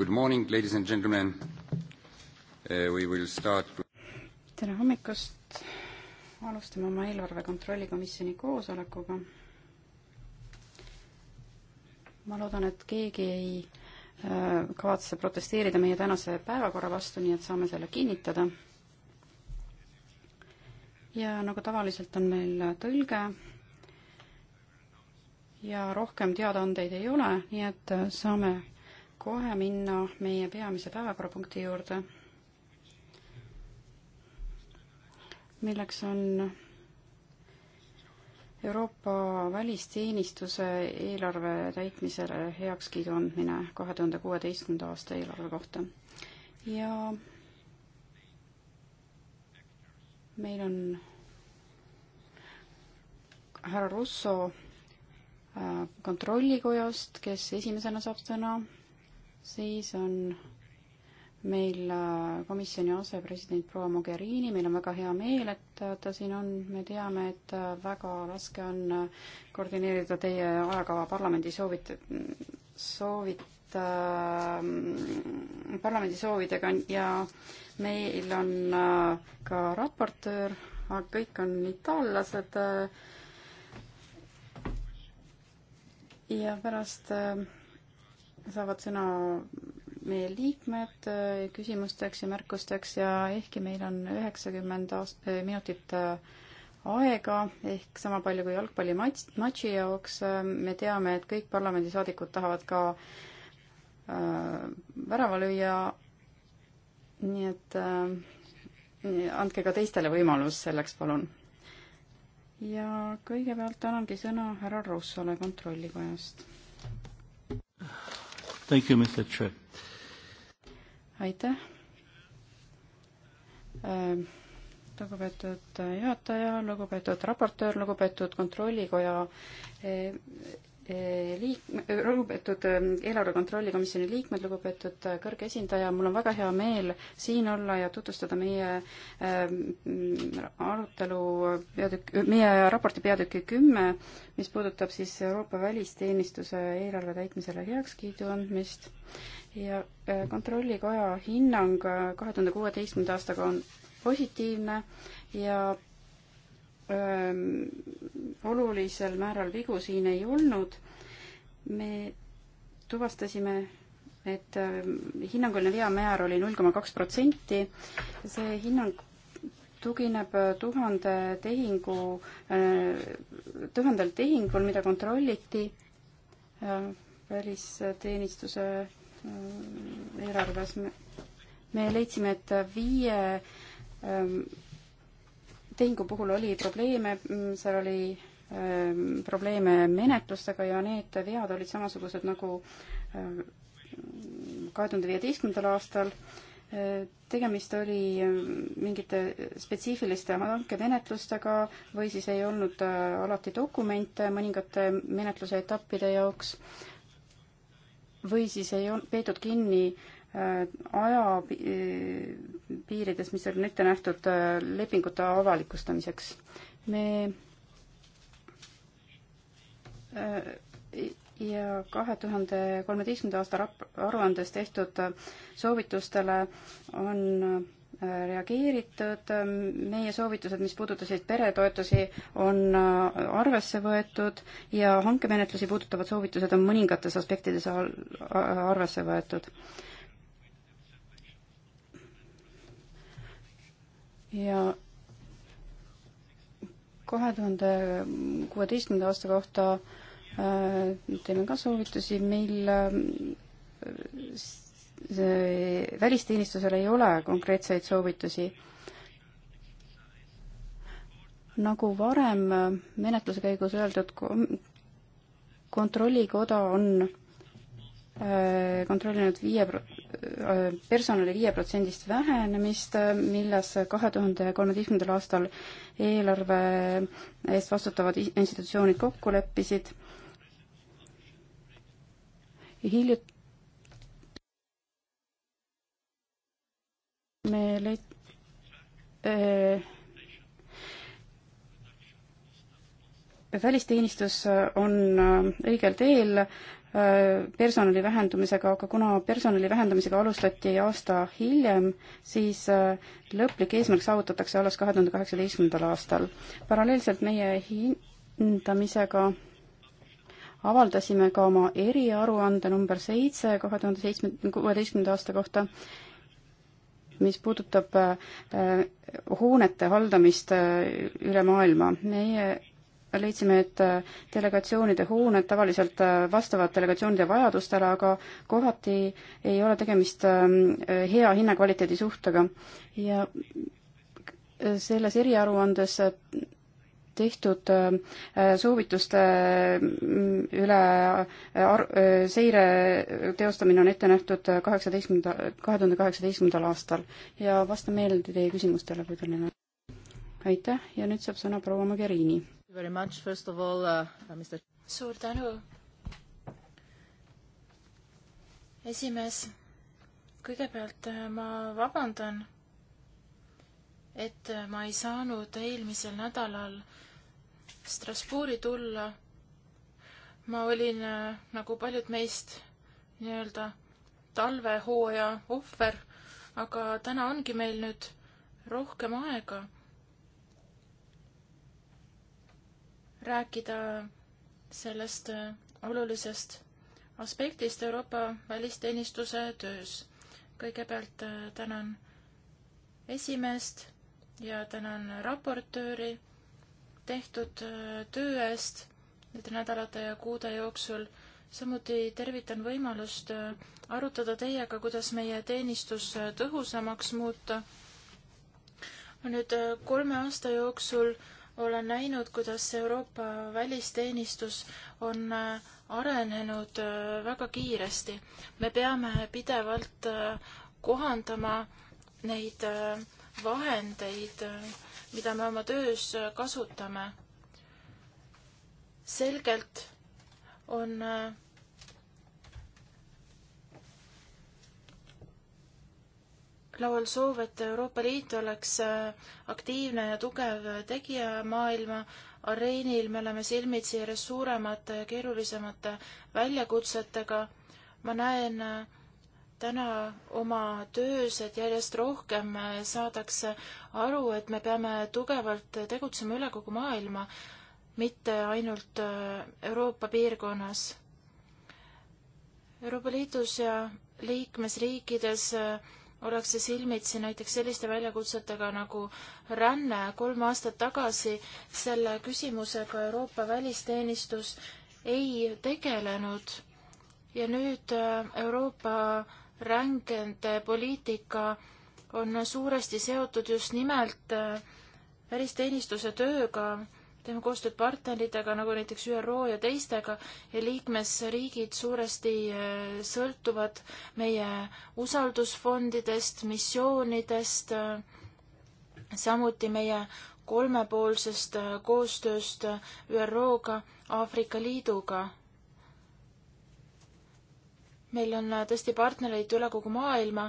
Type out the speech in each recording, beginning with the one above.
Good morning, ladies and gentlemen. Uh, we will start. tere hommikust! alustame oma eelarve kontrolli komisjoni koosolekuga. ma loodan, et keegi ei äh, kavatse protesteerida meie tänase päevakorra vastu, nii et saame selle kinnitada. ja nagu tavaliselt on meil tõlge ja rohkem teadaandeid ei ole, nii et saame kohe minna meie peamise päevakorrapunkti juurde, milleks on Euroopa välisteenistuse eelarve täitmisele heakskiidu andmine kahe tuhande kuueteistkümnenda aasta eelarve kohta. ja meil on härra Russo äh, kontrollikojast, kes esimesena saab sõna siis on meil äh, komisjoni asepresident proua Mogherini, meil on väga hea meel, et ta siin on, me teame, et äh, väga raske on äh, koordineerida teie ajakava parlamendi soovit-, soovit- äh,, parlamendi soovidega ja meil on äh, ka raportöör, kõik on itaallased äh, ja pärast äh, saavad sõna meie liikmed eh, küsimusteks ja märkusteks ja ehkki meil on üheksakümmend eh, minutit eh, aega ehk sama palju kui jalgpallimatši jaoks, me teame, et kõik parlamendisaadikud tahavad ka äh, värava lüüa. nii et äh, andke ka teistele võimalus selleks, palun. ja kõigepealt annangi sõna härra Russole Kontrollikojast. Thank you, Mr Chair. aitäh ähm,. lugupeetud äh, juhataja, lugupeetud raportöör, lugupeetud kontrollikoja äh, Eh, liikme, eh, lugupeetud eh, eelarve kontrolli komisjoni liikmed, lugupeetud kõrge esindaja, mul on väga hea meel siin olla ja tutvustada meie mm, arutelu peatükk, meie raporti peatüki kümme, mis puudutab siis Euroopa välisteenistuse eelarve täitmisele heakskiidu andmist ja kontrollikoja hinnang kahe tuhande kuueteistkümnenda aastaga on positiivne ja olulisel määral vigu siin ei olnud. me tuvastasime, et hinnanguline veamäär oli null koma kaks protsenti. see hinnang tugineb tuhande tehingu, tuhandel tehingul, mida kontrolliti välisteenistuse eelarves. me leidsime, et viie tehingu puhul oli probleeme, mm, seal oli ähm, probleeme menetlustega ja need vead olid samasugused nagu ähm, kahe tuhande viieteistkümnendal aastal. Äh, tegemist oli ähm, mingite spetsiifiliste hankemenetlustega või siis ei olnud äh, alati dokumente mõningate menetluse etappide jaoks või siis ei peetud kinni äh, Äh, aja äh, piirides, mis on ette nähtud äh, lepingute avalikustamiseks. me ja kahe tuhande kolmeteistkümnenda aasta rap-, aruandes tehtud soovitustele on reageeritud, meie soovitused, mis puudutasid peretoetusi, on arvesse võetud ja hankemenetlusi puudutavad soovitused on mõningates aspektides arvesse võetud ja kahe tuhande kuueteistkümnenda aasta kohta äh, teeme ka soovitusi, meil äh, välisteenistusel ei ole konkreetseid soovitusi. nagu varem menetluse käigus öeldud, kontrollikoda on Äh, kontrollinud viie, äh, personali viieprotsendist vähenemist, äh, milles kahe tuhande kolmeteistkümnendal aastal eelarve eest vastutavad institutsioonid kokku leppisid. hiljuti me leid-, välisteenistus äh, on äh, õigel teel äh, personali vähendumisega, aga kuna personali vähendamisega alustati aasta hiljem, siis lõplik eesmärk saavutatakse alles kahe tuhande kaheksateistkümnendal aastal. paralleelselt meie hindamisega avaldasime ka oma eriaruande number seitse kahe tuhande seitsme, kuueteistkümnenda aasta kohta, mis puudutab hoonete haldamist üle maailma. meie leidsime, et äh, delegatsioonide hooned tavaliselt äh, vastavad delegatsioonide vajadustele, aga kohati ei ole tegemist ähm, hea hinnakvaliteedi suhtega. ja äh, selles eriaruandes tehtud soovituste üle ar-, seire teostamine on ette nähtud kaheksateistkümnenda, kahe tuhande kaheksateistkümnendal aastal ja vastan meeleldi teie küsimustele, kui teil neid on. aitäh ja nüüd saab sõna proua Mogherini Very much, first of all uh,, uh Mr. suur tänu. esimees, kõigepealt äh, ma vabandan, et äh, ma ei saanud eelmisel nädalal Strasbourgi tulla. ma olin äh, nagu paljud meist nii-öelda talvehooaja ohver, aga täna ongi meil nüüd rohkem aega rääkida sellest äh, olulisest aspektist Euroopa välisteenistuse töös. kõigepealt äh, tänan esimeest ja tänan raportööri tehtud äh, töö eest nende nädalate ja kuude jooksul. samuti tervitan võimalust arutada teiega, kuidas meie teenistus tõhusamaks muuta. nüüd kolme aasta jooksul olen näinud, kuidas Euroopa välisteenistus on äh, arenenud äh, väga kiiresti. me peame pidevalt äh, kohandama neid vahendeid, mida me oma töös kasutame. selgelt on laual soov, et Euroopa Liit oleks äh, aktiivne ja tugev tegija maailma areenil, me oleme silmitsi järjest suuremate ja keerulisemate väljakutsetega. ma näen äh, täna oma töös, et järjest rohkem äh, saadakse aru, et me peame tugevalt tegutsema üle kogu maailma, mitte ainult Euroopa piirkonnas. Euroopa Liidus ja liikmesriikides äh, ollakse silmitsi näiteks selliste väljakutsetega nagu ränne. kolm aastat tagasi selle küsimusega Euroopa välisteenistus ei tegelenud ja nüüd äh, Euroopa rängende poliitika on suuresti seotud just nimelt äh, välisteenistuse tööga teeme koostööd partneritega, nagu näiteks ÜRO ja teistega ja liikmesriigid suuresti äh, sõltuvad meie usaldusfondidest, missioonidest, äh, samuti meie kolmepoolsest äh, koostööst ÜRO-ga, Aafrika Liiduga. meil on tõesti partnereid üle kogu maailma,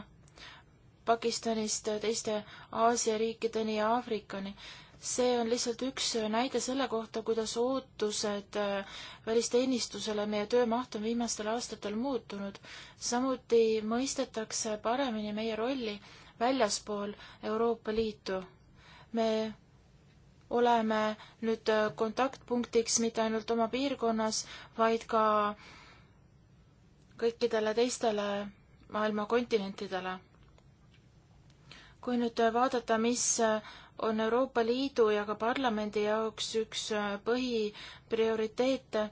Pakistanist teiste Aasia riikideni ja Aafrikani see on lihtsalt üks näide selle kohta, kuidas ootused äh, välisteenistusele, meie töömaht on viimastel aastatel muutunud. samuti mõistetakse paremini meie rolli väljaspool Euroopa Liitu. me oleme nüüd äh, kontaktpunktiks mitte ainult oma piirkonnas, vaid ka kõikidele teistele maailma kontinentidele. kui nüüd vaadata, mis äh, on Euroopa Liidu ja ka parlamendi jaoks üks äh, põhiprioriteete,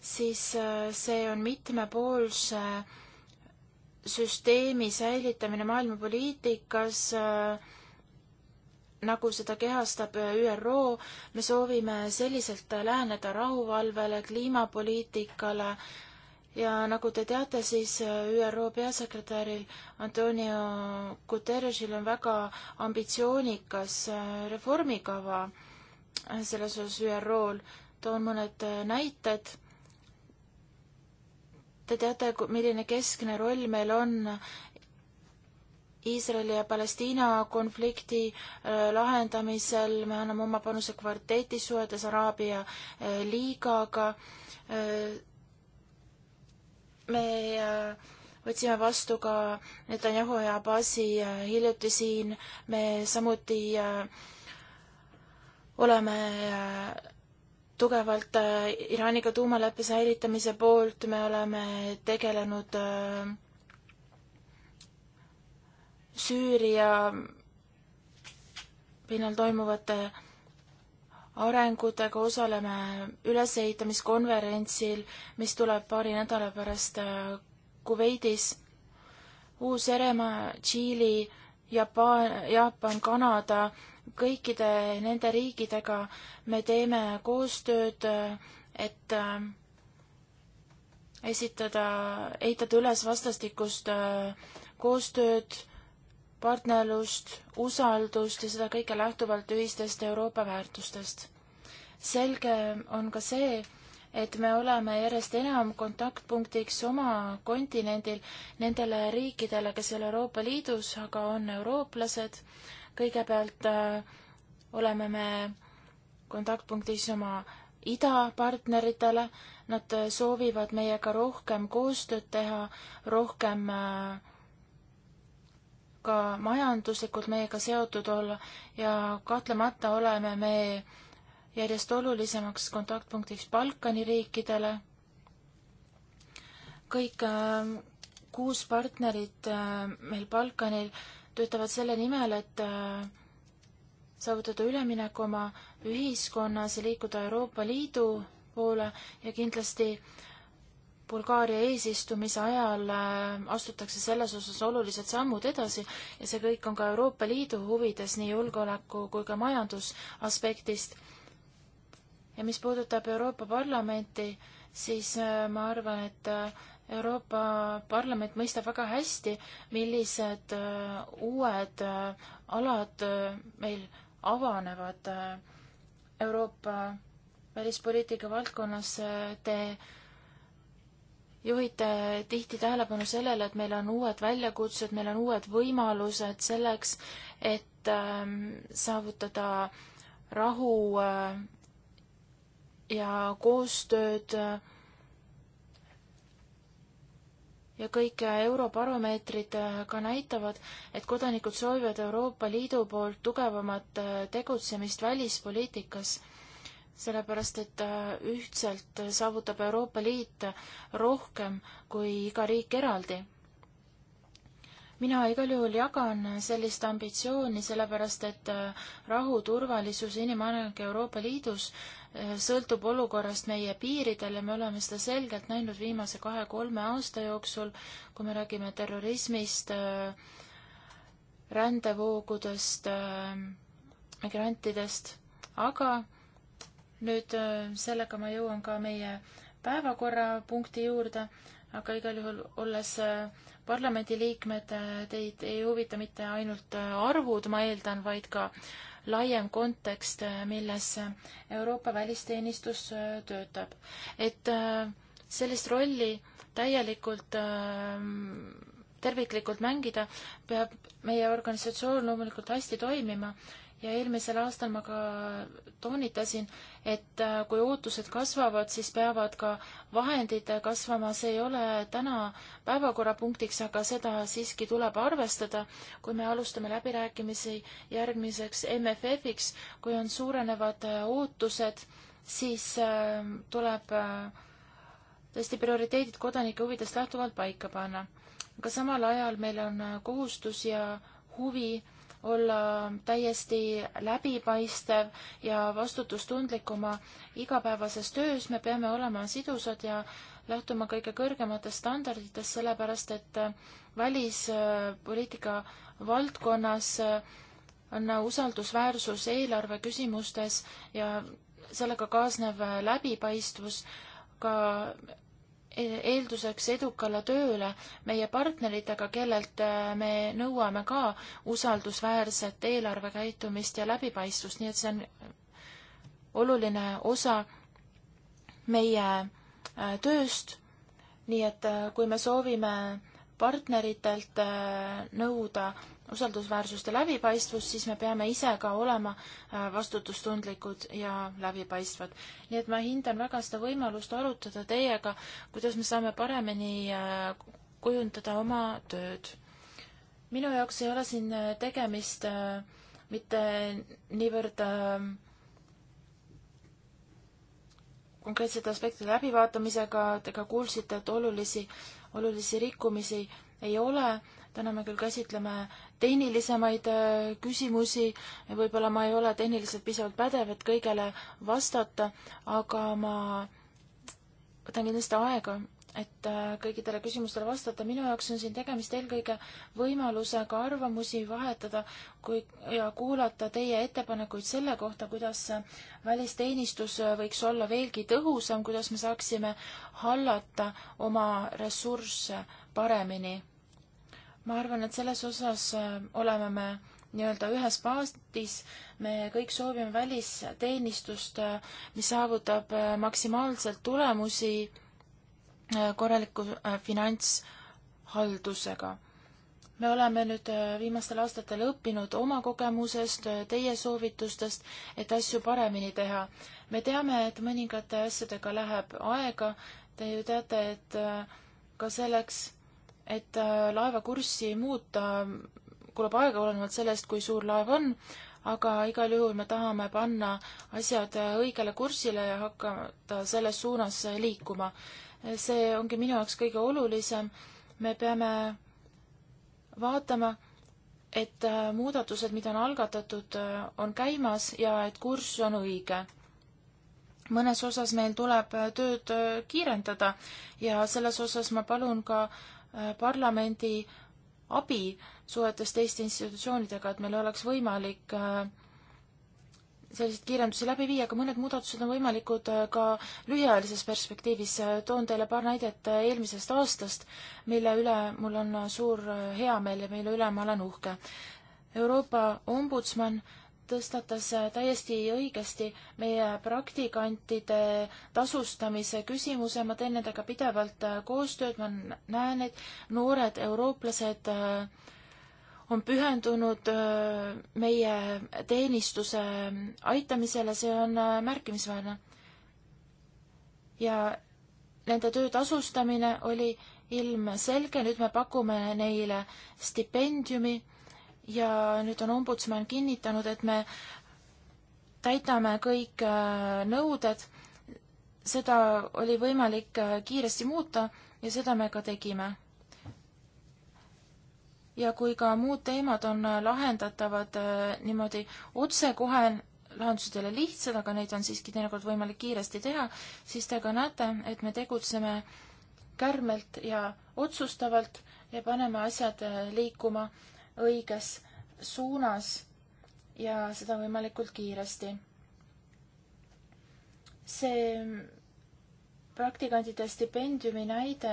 siis äh, see on mitmepoolse süsteemi säilitamine maailmapoliitikas äh, nagu seda kehastab äh, ÜRO, me soovime selliselt läheneda rahuvalvele, kliimapoliitikale ja nagu te teate, siis äh, ÜRO peasekretäril Antonio Guterresil on väga ambitsioonikas äh, reformikava äh, selles osas ÜRO-l. toon mõned näited. Te teate, milline keskne roll meil on Iisraeli ja Palestiina konflikti lahendamisel, me anname oma panuse kvartetis suhetes Araabia liigaga, me äh, võtsime vastu ka Netanyahu ja Abasi äh, hiljuti siin, me samuti äh, oleme tugevalt Iraaniga tuumaleppe säilitamise poolt, me oleme tegelenud Süüria pinnal toimuvate arengutega osaleme ülesehitamiskonverentsil, mis tuleb paari nädala pärast äh, Kuveidis. Uus-Eremaa, Tšiili, Jaapan, Jaapan, Kanada, kõikide nende riikidega me teeme koostööd, äh, et äh, esitada, ehitada üles vastastikust koostööd partnerlust, usaldust ja seda kõike lähtuvalt ühistest Euroopa väärtustest. selge on ka see, et me oleme järjest enam kontaktpunktiks oma kontinendil nendele riikidele, kes ei ole Euroopa Liidus, aga on eurooplased. kõigepealt äh, oleme me kontaktpunktis oma idapartneritele, nad soovivad meiega rohkem koostööd teha, rohkem äh, ka majanduslikult meiega seotud olla ja kahtlemata oleme me järjest olulisemaks kontaktpunktiks Balkani riikidele. kõik äh, kuus partnerit äh, meil Balkanil töötavad selle nimel, et äh, saavutada üleminek oma ühiskonnas ja liikuda Euroopa Liidu poole ja kindlasti äh, Bulgaaria eesistumise ajal äh, astutakse selles osas olulised sammud edasi ja see kõik on ka Euroopa Liidu huvides nii julgeoleku kui ka majandusaspektist. ja mis puudutab Euroopa Parlamenti, siis äh, ma arvan, et äh, Euroopa Parlament mõistab väga hästi, millised uued alad meil avanevad Euroopa välispoliitika valdkonnas. Te juhite tihti tähelepanu sellele, et meil on uued väljakutsed, meil on uued võimalused selleks, et ähm, saavutada rahu äh, ja koostööd äh, ja kõik äh, Eurobaromeetrid ka näitavad, et kodanikud soovivad Euroopa Liidu poolt tugevamat tegutsemist välispoliitikas sellepärast et äh, ühtselt saavutab Euroopa Liit rohkem kui iga riik eraldi. mina igal juhul jagan sellist ambitsiooni, sellepärast et äh, rahu, turvalisus ja inimareng Euroopa Liidus äh, sõltub olukorrast meie piiridel ja me oleme seda selgelt näinud viimase kahe-kolme aasta jooksul, kui me räägime terrorismist, rändevoogudest, migrantidest, aga nüüd äh, sellega ma jõuan ka meie päevakorrapunkti juurde, aga igal juhul, olles äh, parlamendiliikmed, äh, teid ei huvita mitte ainult arvud, ma eeldan, vaid ka laiem kontekst, milles Euroopa välisteenistus töötab. et sellist rolli täielikult terviklikult mängida, peab meie organisatsioon loomulikult hästi toimima ja eelmisel aastal ma ka toonitasin, et äh, kui ootused kasvavad, siis peavad ka vahendid äh, kasvama, see ei ole täna päevakorrapunktiks, aga seda siiski tuleb arvestada, kui me alustame läbirääkimisi järgmiseks MFF-iks, kui on suurenevad äh, ootused, siis ähm, tuleb tõesti prioriteedid kodanike huvidest lähtuvalt paika panna. aga samal ajal meil on kohustus ja huvi olla täiesti läbipaistev ja vastutustundlik oma igapäevases töös, me peame olema sidusad ja lähtuma kõige kõrgematest standarditest, sellepärast et äh, välispoliitika äh, valdkonnas äh, on usaldusväärsus eelarve küsimustes ja sellega kaasnev läbipaistvus ka eelduseks edukale tööle meie partneritega, kellelt äh, me nõuame ka usaldusväärset eelarvekäitumist ja läbipaistvust, nii et see on oluline osa meie äh, tööst. nii et äh, kui me soovime partneritelt nõuda usaldusväärsus ja läbipaistvus, siis me peame ise ka olema äh, vastutustundlikud ja läbipaistvad. nii et ma hindan väga seda võimalust arutada teiega, kuidas me saame paremini äh, kujundada oma tööd. minu jaoks ei ole siin äh, tegemist mitte niivõrd konkreetsete aspektide läbivaatamisega, te ka kuulsite, et olulisi, olulisi rikkumisi ei ole täna me küll käsitleme tehnilisemaid äh, küsimusi ja võib-olla ma ei ole tehniliselt piisavalt pädev, et kõigele vastata, aga ma võtan kindlasti aega, et äh, kõikidele küsimustele vastata. minu jaoks on siin tegemist eelkõige võimalusega arvamusi vahetada kui, ja kuulata teie ettepanekuid selle kohta, kuidas välisteenistus äh, võiks olla veelgi tõhusam, kuidas me saaksime hallata oma ressursse paremini ma arvan, et selles osas äh, oleme me nii-öelda ühes paadis, me kõik soovime välisteenistust, äh, mis saavutab äh, maksimaalselt tulemusi korraliku finantshaldusega. me oleme nüüd viimastel aastatel õppinud oma kogemusest, teie soovitustest, et asju paremini teha. me teame, et mõningate asjadega läheb aega, te ju teate, et ka selleks, et äh, laeva kurssi muuta kulub aega olenevalt sellest, kui suur laev on, aga igal juhul me tahame panna asjad äh, õigele kursile ja hakata selles suunas äh, liikuma. see ongi minu jaoks kõige olulisem. me peame vaatama, et muudatused, mida on algatatud, on käimas ja et kurss on õige mõnes osas meil tuleb tööd kiirendada ja selles osas ma palun ka äh, Äh, parlamendi abi suhetes teiste institutsioonidega, et meil oleks võimalik äh, selliseid kiirendusi läbi viia, aga mõned muudatused on võimalikud äh, ka lühiajalises perspektiivis. toon teile paar näidet eelmisest aastast, mille üle mul on suur heameel ja mille üle ma olen uhke. Euroopa ombudsman tõstatas täiesti õigesti meie praktikantide tasustamise küsimuse, ma teen nendega pidevalt äh, koostööd, ma näen, et noored eurooplased äh, on pühendunud äh, meie teenistuse aitamisele, see on märkimisväärne. ja nende töö tasustamine oli ilmselge, nüüd me pakume neile stipendiumi ja nüüd on ombudsman kinnitanud, et me täidame kõik äh, nõuded, seda oli võimalik äh, kiiresti muuta ja seda me ka tegime. ja kui ka muud teemad on äh, lahendatavad niimoodi otsekohe, lahendused ei ole lihtsad, aga neid on siiski teinekord võimalik kiiresti teha, siis te ka näete, et me tegutseme kärmelt ja otsustavalt ja paneme asjad liikuma õiges suunas ja seda võimalikult kiiresti. see praktikandide stipendiumi näide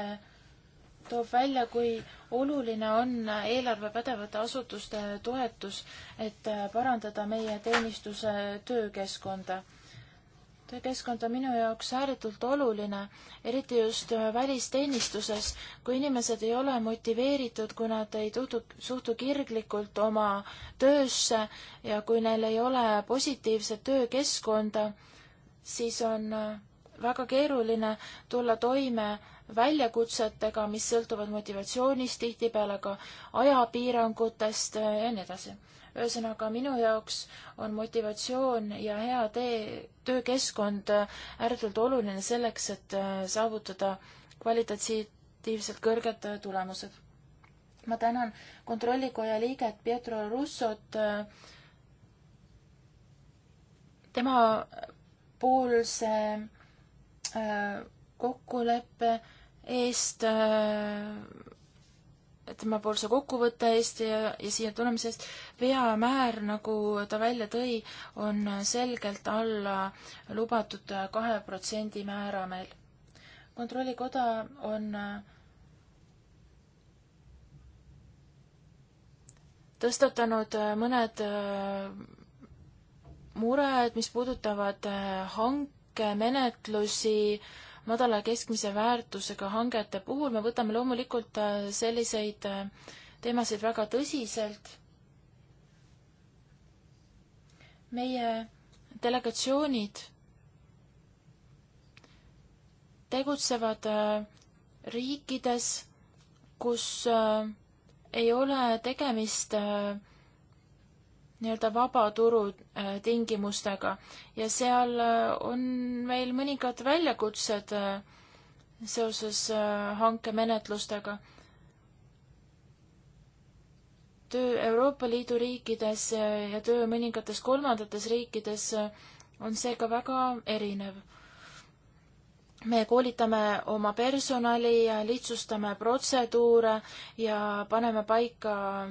toob välja, kui oluline on eelarvepädevate asutuste toetus, et parandada meie teenistuse töökeskkonda Teie keskkond on minu jaoks ääretult oluline, eriti just välisteenistuses, kui inimesed ei ole motiveeritud, kui nad ei tutu, suhtu kirglikult oma töösse ja kui neil ei ole positiivset töökeskkonda, siis on äh, väga keeruline tulla toime väljakutsetega, mis sõltuvad motivatsioonist, tihtipeale ka ajapiirangutest äh, ja nii edasi ühesõnaga, minu jaoks on motivatsioon ja hea tee, töökeskkond ääretult oluline selleks, et äh, saavutada kvalitatiivselt kõrged äh, tulemused. ma tänan kontrollikoja liiget Pietro Russot. Äh, tema poolse kokkuleppe eest äh, temapoolse kokkuvõtte eest ja, ja siia tulemise eest. veamäär, nagu ta välja tõi, on selgelt alla lubatud kahe protsendi määra meil. kontrollikoda on äh, tõstatanud äh, mõned äh, mured, mis puudutavad hankemenetlusi äh, madala ja keskmise väärtusega hangete puhul me võtame loomulikult äh, selliseid äh, teemasid väga tõsiselt. meie delegatsioonid tegutsevad äh, riikides, kus ei ole tegemist äh, nii-öelda vabaturu äh, tingimustega ja seal äh, on meil mõningad väljakutsed äh, seoses hankemenetlustega. töö Euroopa Liidu riikides ja töö mõningates kolmandates riikides on seega väga erinev. me koolitame oma personali ja lihtsustame protseduure ja paneme paika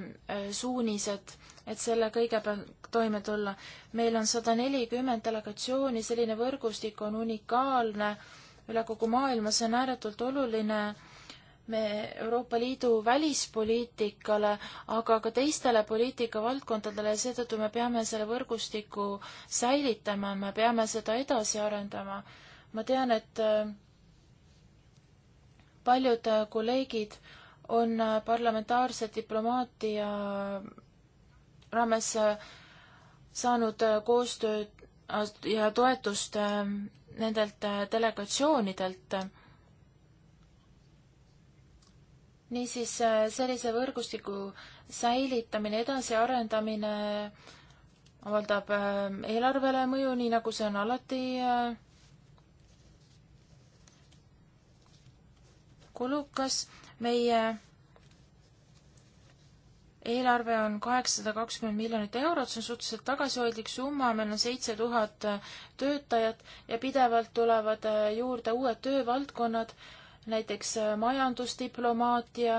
suunised et selle kõigega toime tulla. meil on sada nelikümmend delegatsiooni, selline võrgustik on unikaalne üle kogu maailma, see on ääretult oluline me Euroopa Liidu välispoliitikale, aga ka teistele poliitikavaldkondadele ja seetõttu me peame selle võrgustiku säilitama, me peame seda edasi arendama. ma tean, et paljud kolleegid on parlamentaarse diplomaatia raames äh, saanud äh, koostööd äh, ja toetust nendelt delegatsioonidelt. niisiis sellise võrgustiku säilitamine, edasiarendamine avaldab eelarvele mõju, nii nagu see on alati kulukas. meie eelarve on kaheksasada kakskümmend miljonit eurot, see on suhteliselt tagasihoidlik summa, meil on seitse tuhat äh, töötajat ja pidevalt tulevad äh, juurde uued töövaldkonnad, näiteks äh, majandusdiplomaatia,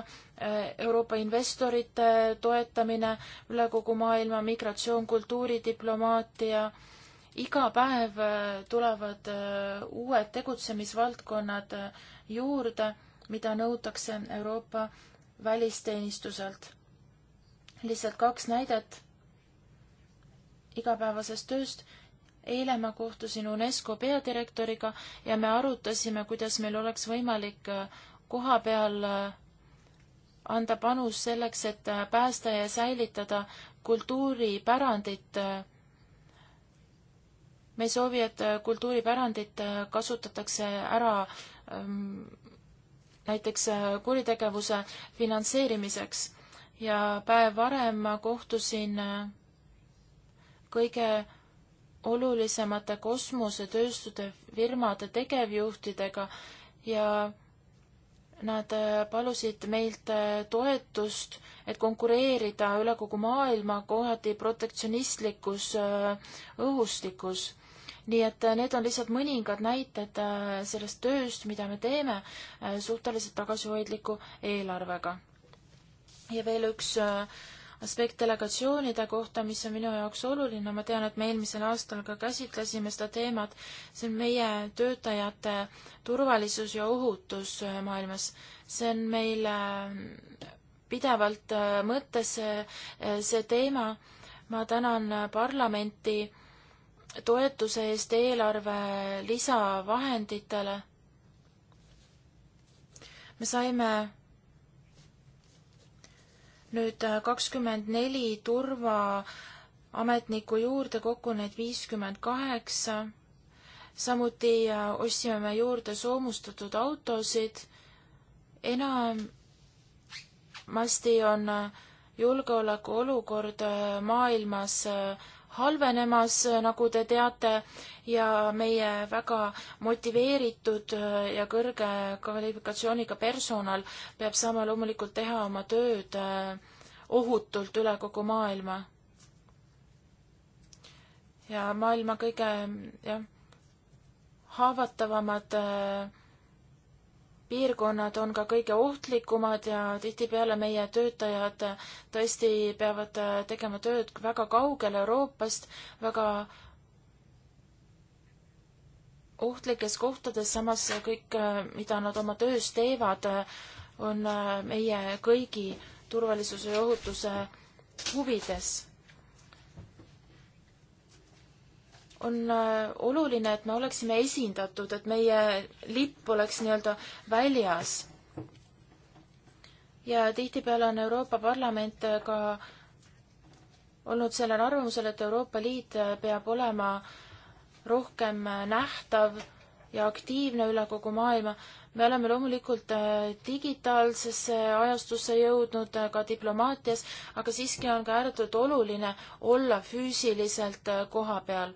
Euroopa investorite toetamine üle kogu maailma, migratsioon, kultuuridiplomaatia, iga päev tulevad uued tegutsemisvaldkonnad juurde, mida nõutakse Euroopa välisteenistuselt lihtsalt kaks näidet igapäevasest tööst. eile ma kohtusin UNESCO peadirektoriga ja me arutasime, kuidas meil oleks võimalik äh, koha peal äh, anda panus selleks, et äh, päästa ja säilitada kultuuripärandit. me ei soovi, et kultuuripärandit kasutatakse ära ähm, näiteks kuritegevuse finantseerimiseks ja päev varem ma kohtusin äh, kõige olulisemate kosmosetööstude firmade tegevjuhtidega ja nad äh, palusid meilt äh, toetust, et konkureerida üle kogu maailma kohati protektsionistlikus õhustikus. nii et need on lihtsalt mõningad näited sellest tööst, mida me teeme suhteliselt tagasihoidliku eelarvega ja veel üks äh, aspekt delegatsioonide kohta, mis on minu jaoks oluline, ma tean, et me eelmisel aastal ka käsitlesime seda teemat, see on meie töötajate turvalisus ja ohutus äh, maailmas. see on meil äh, pidevalt mõttes see teema. ma tänan parlamenti toetuse eest eelarve lisavahenditele. me saime nüüd äh, kakskümmend neli turvaametniku juurde, kokku neid viiskümmend kaheksa. samuti äh, ostsime me juurde soomustatud autosid. enamasti on äh, julgeolekuolukord maailmas halvenemas, nagu te teate, ja meie väga motiveeritud ja kõrge kvalifikatsiooniga personal peab saama loomulikult teha oma tööd äh, ohutult üle kogu maailma. ja maailma kõige, jah, haavatavamad äh, piirkonnad on ka kõige ohtlikumad ja tihtipeale meie töötajad tõesti peavad äh, tegema tööd väga kaugel Euroopast, väga ohtlikes kohtades, samas kõik, äh, mida nad oma töös teevad, äh, on meie kõigi turvalisuse ja ohutuse huvides on äh, oluline, et me oleksime esindatud, et meie lipp oleks nii-öelda väljas. ja tihtipeale on Euroopa Parlament äh, ka olnud sellel arvamusel, et Euroopa Liit äh, peab olema rohkem nähtav ja aktiivne üle kogu maailma. me oleme loomulikult digitaalsesse ajastusse jõudnud ka diplomaatias, aga siiski on ka ääretult oluline olla füüsiliselt koha peal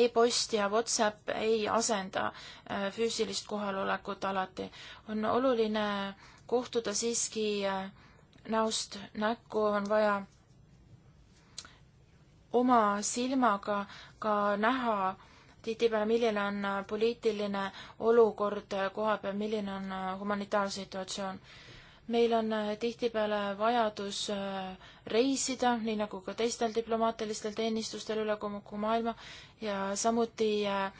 e-post ja Whatsapp ei asenda äh, füüsilist kohalolekut alati. on oluline kohtuda siiski äh, näost näkku, on vaja oma silmaga ka näha tihtipeale, milline on poliitiline olukord koha peal, milline on äh, humanitaarsituatsioon meil on äh, tihtipeale vajadus äh, reisida, nii nagu ka teistel diplomaatilistel teenistustel üle kogu maailma ja samuti äh,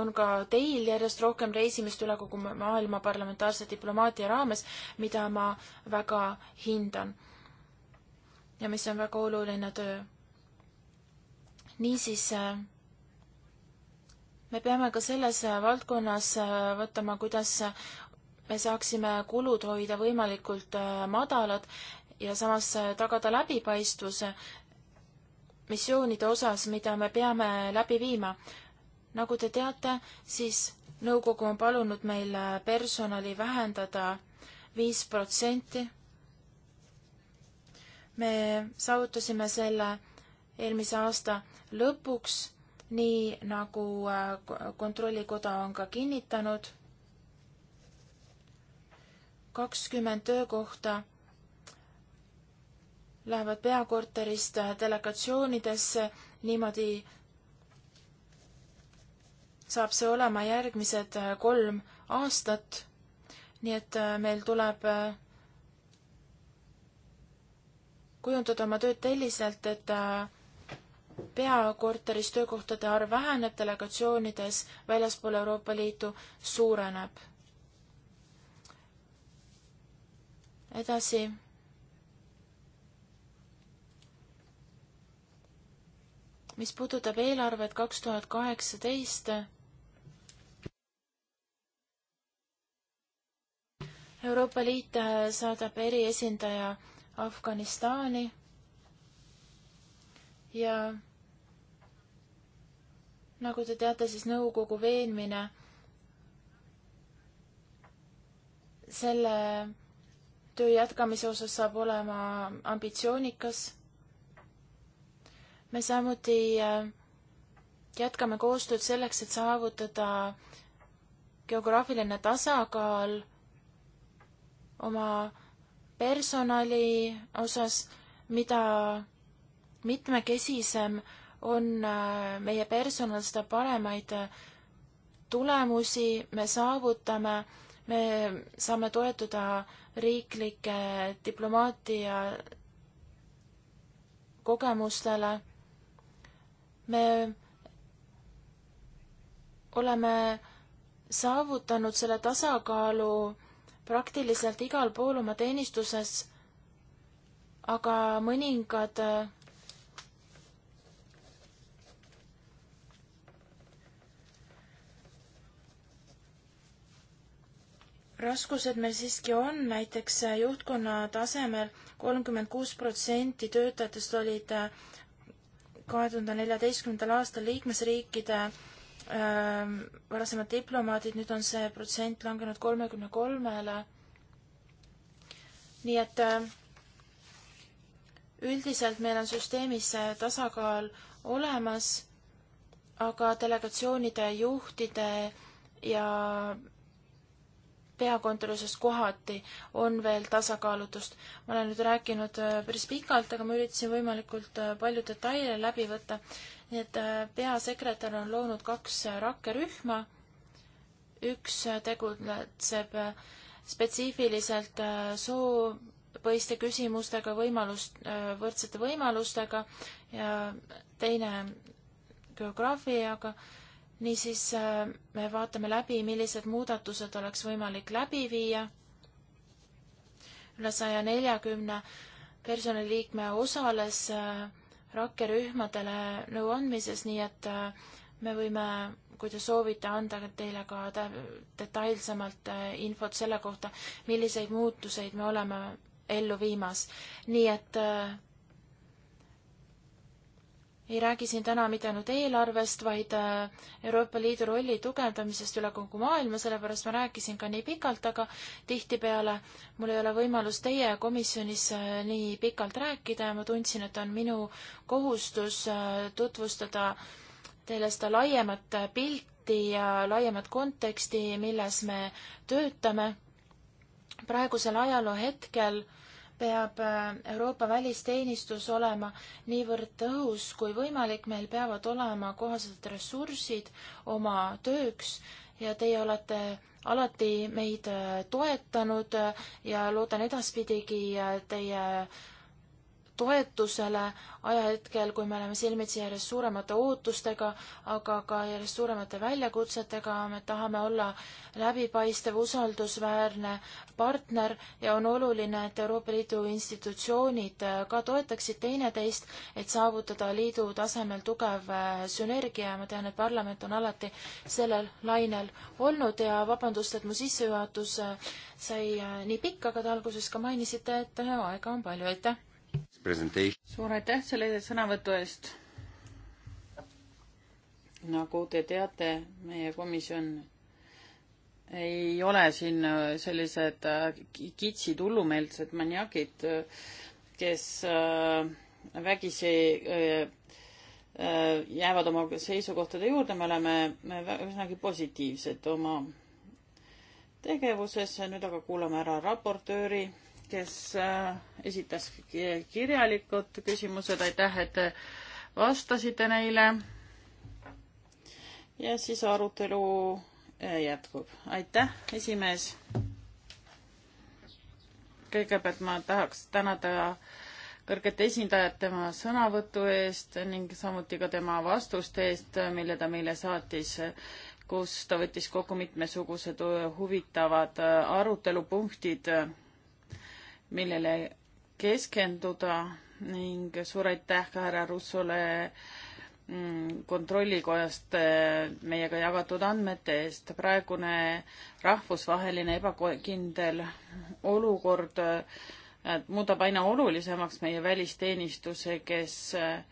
on ka teil järjest rohkem reisimist üle kogu maailma parlamentaarse diplomaatia raames, mida ma väga hindan. ja mis on väga oluline töö. niisiis äh, me peame ka selles valdkonnas äh, vaatama, kuidas me saaksime kulud hoida võimalikult äh, madalad ja samas äh, tagada läbipaistvuse missioonide osas, mida me peame läbi viima. nagu te teate, siis nõukogu on palunud meil personali vähendada viis protsenti. me saavutasime selle eelmise aasta lõpuks nii nagu äh, Kontrollikoda on ka kinnitanud. kakskümmend töökohta lähevad peakorterist äh, delegatsioonidesse, niimoodi saab see olema järgmised äh, kolm aastat. nii et meil tuleb kujundada oma tööd selliselt, et peakorteris töökohtade arv väheneb, delegatsioonides väljaspool Euroopa Liitu suureneb. edasi. mis puudutab eelarvet kaks tuhat kaheksateist, Euroopa Liit saadab eriesindaja Afganistani ja nagu te teate, siis nõukogu veenmine selle töö jätkamise osas saab olema ambitsioonikas. me samuti äh, jätkame koostööd selleks, et saavutada geograafiline tasakaal oma personali osas, mida mitmekesisem on äh, meie personal, seda paremaid äh, tulemusi me saavutame, me saame toetuda riiklike diplomaatia kogemustele. me oleme saavutanud selle tasakaalu praktiliselt igal pool oma teenistuses, aga mõningad äh, raskused meil siiski on, näiteks äh, juhtkonna tasemel kolmkümmend kuus protsenti töötajatest olid äh, kahe tuhande neljateistkümnendal aastal liikmesriikide ähm, varasemad diplomaadid, nüüd on see protsent langenud kolmekümne kolmele. nii et äh, üldiselt meil on süsteemis tasakaal olemas, aga delegatsioonide juhtide ja peakontoriosas kohati on veel tasakaalutust. ma olen nüüd rääkinud äh, päris pikalt, aga ma üritasin võimalikult äh, palju detaile läbi võtta. nii et äh, peasekretär on loonud kaks rakkerühma. üks tegutseb spetsiifiliselt soopõhiste küsimustega, võimalust, võrdsete võimalustega ja teine geograafiaga niisiis äh, me vaatame läbi, millised muudatused oleks võimalik läbi viia üle saja neljakümne personaliliikme osales äh, rakkerühmadele nõu andmises, nii et äh, me võime, kui te soovite, anda teile ka detailsemalt infot selle kohta, milliseid muutuseid me oleme ellu viimas. nii et äh, ei räägi siin täna mitte ainult eelarvest, vaid äh, Euroopa Liidu rolli tugevdamisest üle kogu maailma, sellepärast ma rääkisin ka nii pikalt, aga tihtipeale mul ei ole võimalust teie komisjonis äh, nii pikalt rääkida ja ma tundsin, et on minu kohustus äh, tutvustada teile seda laiemat pilti ja laiemat konteksti, milles me töötame. praegusel ajaloohetkel hetkel peab äh, Euroopa välisteenistus olema niivõrd tõhus kui võimalik, meil peavad olema kohased ressursid oma tööks ja teie olete alati meid äh, toetanud äh, ja loodan edaspidigi teie toetusele ajahetkel, kui me oleme silmitsi järjest suuremate ootustega, aga ka järjest suuremate väljakutsetega, me tahame olla läbipaistev, usaldusväärne partner ja on oluline, et Euroopa Liidu institutsioonid ka toetaksid teineteist, et saavutada liidu tasemel tugev äh, sünergia ja ma tean, et parlament on alati sellel lainel olnud ja vabandust, et mu sissejuhatus äh, sai äh, nii pikk, aga te alguses ka mainisite, et aega on palju, aitäh! suur aitäh selle sõnavõtu eest. nagu te teate, meie komisjon ei ole siin äh, sellised äh, kitsid, hullumeelsed maniakid, äh, kes vägisi jäävad oma seisukohtade juurde, me oleme üsnagi positiivsed oma tegevuses, nüüd aga kuulame ära raportööri kes äh, esitas kirjalikud küsimused, aitäh, et vastasite neile. ja siis arutelu äh, jätkub. aitäh, esimees. kõigepealt ma tahaks tänada kõrget esindajat tema sõnavõtu eest ning samuti ka tema vastuste eest, mille ta meile saatis, kus ta võttis kokku mitmesugused huvitavad äh, arutelupunktid millele keskenduda ning suur aitäh ka härra Russole mm, kontrollikojast äh, meiega jagatud andmete eest. praegune rahvusvaheline ebakindel olukord äh, muudab aina olulisemaks meie välisteenistuse, kes äh,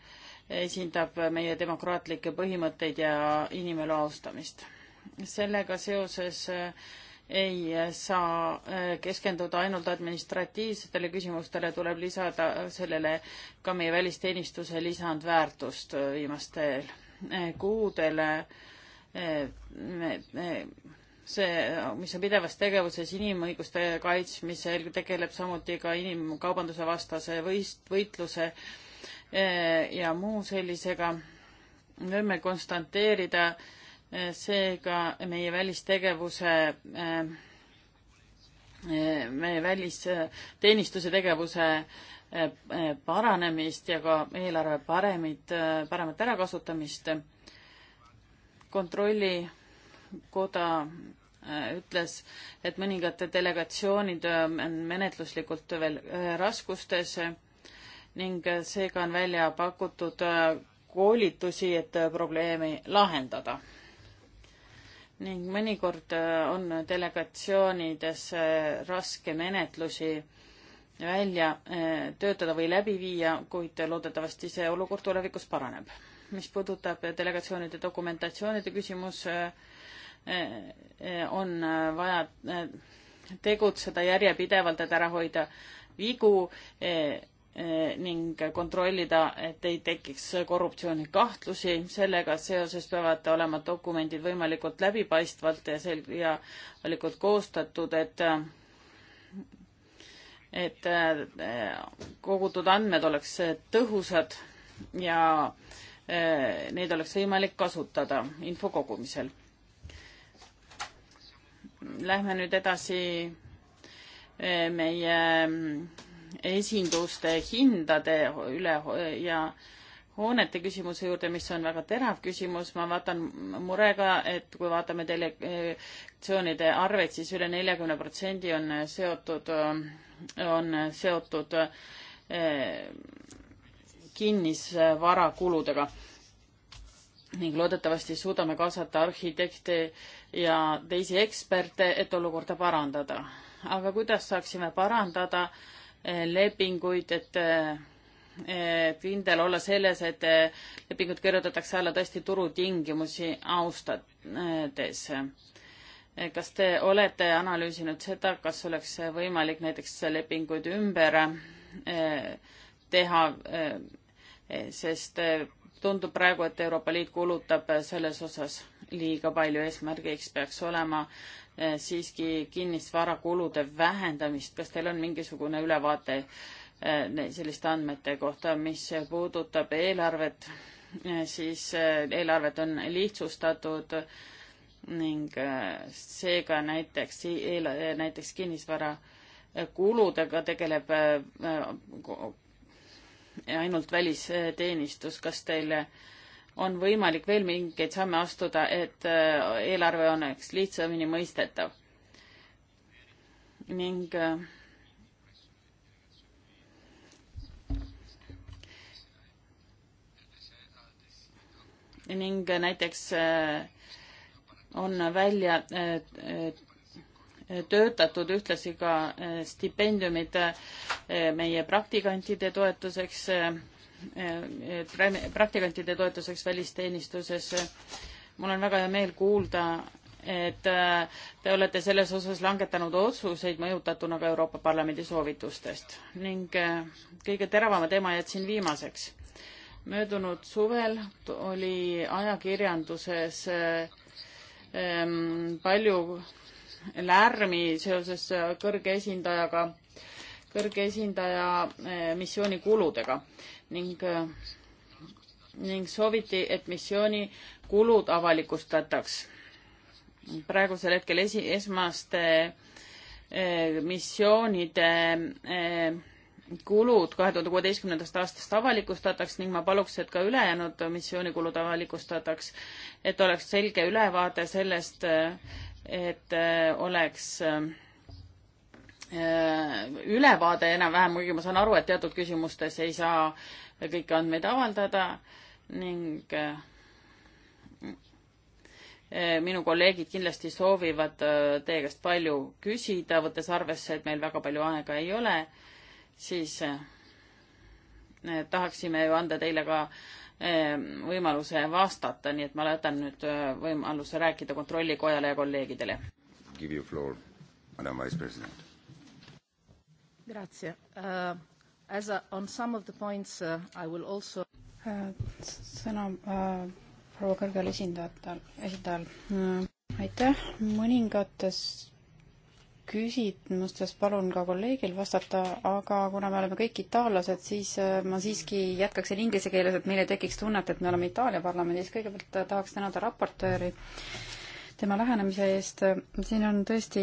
esindab meie demokraatlikke põhimõtteid ja inimelu austamist. sellega seoses äh, ei saa äh, keskenduda ainult administratiivsetele küsimustele, tuleb lisada sellele ka meie välisteenistuse lisandväärtust äh, viimastel äh, kuudel. see, mis on pidevas tegevuses inimõiguste kaitsmisel, tegeleb samuti ka inimkaubanduse vastase võist-, võitluse ja muu sellisega. võime konstanteerida, seega meie välistegevuse, eh, eh, meie välisteenistuse tegevuse eh, paranemist ja ka eelarve paremit, paremat ärakasutamist. kontrollikoda ütles, et mõningad delegatsioonid on menetluslikult veel raskustes ning seega on välja pakutud koolitusi, et probleemi lahendada ning mõnikord äh, on delegatsioonides äh, raske menetlusi välja äh, töötada või läbi viia, kuid loodetavasti see olukord tulevikus paraneb. mis puudutab delegatsioonide dokumentatsioonide küsimus, on vaja tegutseda järjepidevalt, et ära hoida vigu Eh, ning kontrollida, et ei tekiks korruptsioonikahtlusi. sellega seoses peavad olema dokumendid võimalikult läbipaistvalt ja sel- ja võimalikult koostatud, et et eh, kogutud andmed oleks tõhusad ja eh, neid oleks võimalik kasutada info kogumisel. Lähme nüüd edasi meie esinduste hindade üle ja hoonete küsimuse juurde, mis on väga terav küsimus, ma vaatan murega, et kui vaatame delegatsioonide arveid, siis üle neljakümne protsendi on seotud, on seotud eh, kinnisvarakuludega ning loodetavasti suudame kaasata arhitekte ja teisi eksperte, et olukorda parandada. aga kuidas saaksime parandada äh, lepinguid, et eh, kindel olla selles, et eh, lepingud kirjutatakse alla tõesti turutingimusi austades. Eh, kas te olete analüüsinud seda, kas oleks võimalik näiteks lepinguid ümber teha, sest tundub praegu, et Euroopa Liit kulutab selles osas liiga palju, eesmärgiks peaks olema Eh, siiski kinnisvarakulude vähendamist, kas teil on mingisugune ülevaate eh, selliste andmete kohta, mis puudutab eelarvet, eh, siis eelarvet on lihtsustatud ning seega näiteks, näiteks kinnisvara kuludega tegeleb ainult välisteenistus, kas teile on võimalik veel mingeid samme astuda, et äh, eelarve oleks lihtsamini mõistetav. ning äh, ning näiteks äh, on välja töötatud ühtlasi ka stipendiumid meie praktikantide toetuseks Äh, äh, praktikantide toetuseks välisteenistuses. mul on väga hea meel kuulda, et äh, te olete selles osas langetanud otsuseid mõjutatuna ka Euroopa Parlamendi soovitustest ning kõige teravama teema jätsin viimaseks. möödunud suvel oli ajakirjanduses ähm, palju lärmi seoses kõrge esindajaga, kõrge esindaja missioonikuludega ning äh, ning sooviti, et missiooni kulud avalikustataks. praegusel hetkel esi, esmaste eh, missioonide eh, kulud kahe tuhande kuueteistkümnendast aastast avalikustataks ning ma paluks, et ka ülejäänud missioonikulud avalikustataks, et oleks selge ülevaade sellest, et oleks eh, Äh, ülevaade enam-vähem, kuigi ma saan aru, et teatud küsimustes ei saa kõiki andmeid avaldada ning äh, äh, minu kolleegid kindlasti soovivad teie käest palju küsida, võttes arvesse, et meil väga palju aega ei ole, siis tahaksime ju anda teile ka võimaluse vastata, nii et ma jätan nüüd võimaluse rääkida kontrollikojale ja kolleegidele. Give you floor, madam vice president Grazie. Uh, as a, on some of the points uh, I will also uh, sõna uh, proua kõrgel esindajatel, esindajal uh,. aitäh, mõningates küsimustes palun ka kolleegil vastata, aga kuna me oleme kõik itaallased, siis uh, ma siiski jätkaksin inglise keeles, et meil ei tekiks tunnet, et me oleme Itaalia parlamendis. kõigepealt uh, tahaks tänada raportööri äh, tema lähenemise eest. siin on tõesti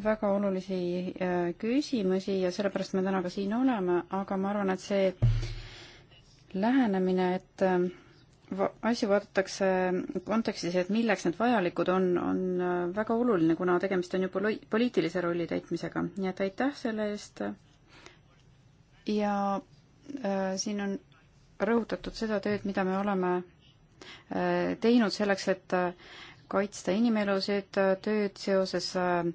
väga olulisi äh, küsimusi ja sellepärast me täna ka siin oleme, aga ma arvan, et see lähenemine, et äh, asju vaadatakse kontekstis, et milleks need vajalikud on, on äh, väga oluline, kuna tegemist on ju poli-, poliitilise rolli täitmisega, nii et aitäh selle eest. ja äh, siin on rõhutatud seda tööd, mida me oleme äh, teinud selleks, et äh, kaitsta inimelusid, tööd seoses äh,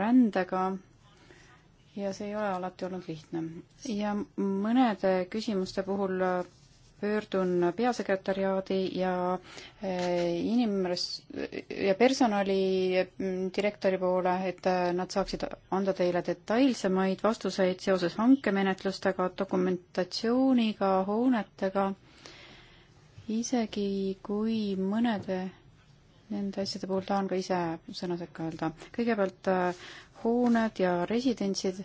rändega ja see ei ole alati olnud lihtne. ja mõnede küsimuste puhul äh, pöördun peasekretäriaadi ja äh, inimres- ja personalidirektori poole, et nad saaksid anda teile detailsemaid vastuseid seoses hankemenetlustega, dokumentatsiooniga, hoonetega, isegi kui mõnede nende asjade puhul tahan ka ise sõna sekka öelda. kõigepealt äh, hooned ja residentsid,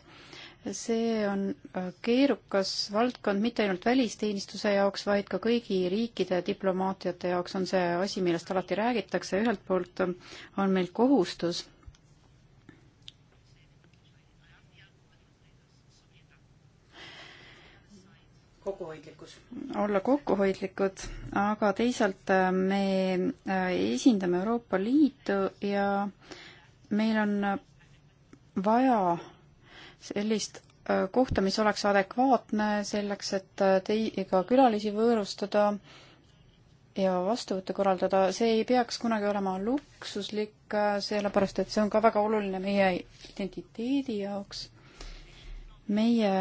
see on äh, keerukas valdkond mitte ainult välisteenistuse jaoks, vaid ka kõigi riikide diplomaatiate jaoks on see asi, millest alati räägitakse, ühelt poolt äh, on meil kohustus kokkuhoidlikkus? olla kokkuhoidlikud, aga teisalt äh, me äh, esindame Euroopa Liitu ja meil on äh, vaja sellist kohta, mis oleks adekvaatne selleks, et teiega külalisi võõrustada ja vastuvõtte korraldada, see ei peaks kunagi olema luksuslik, sellepärast et see on ka väga oluline meie identiteedi jaoks. meie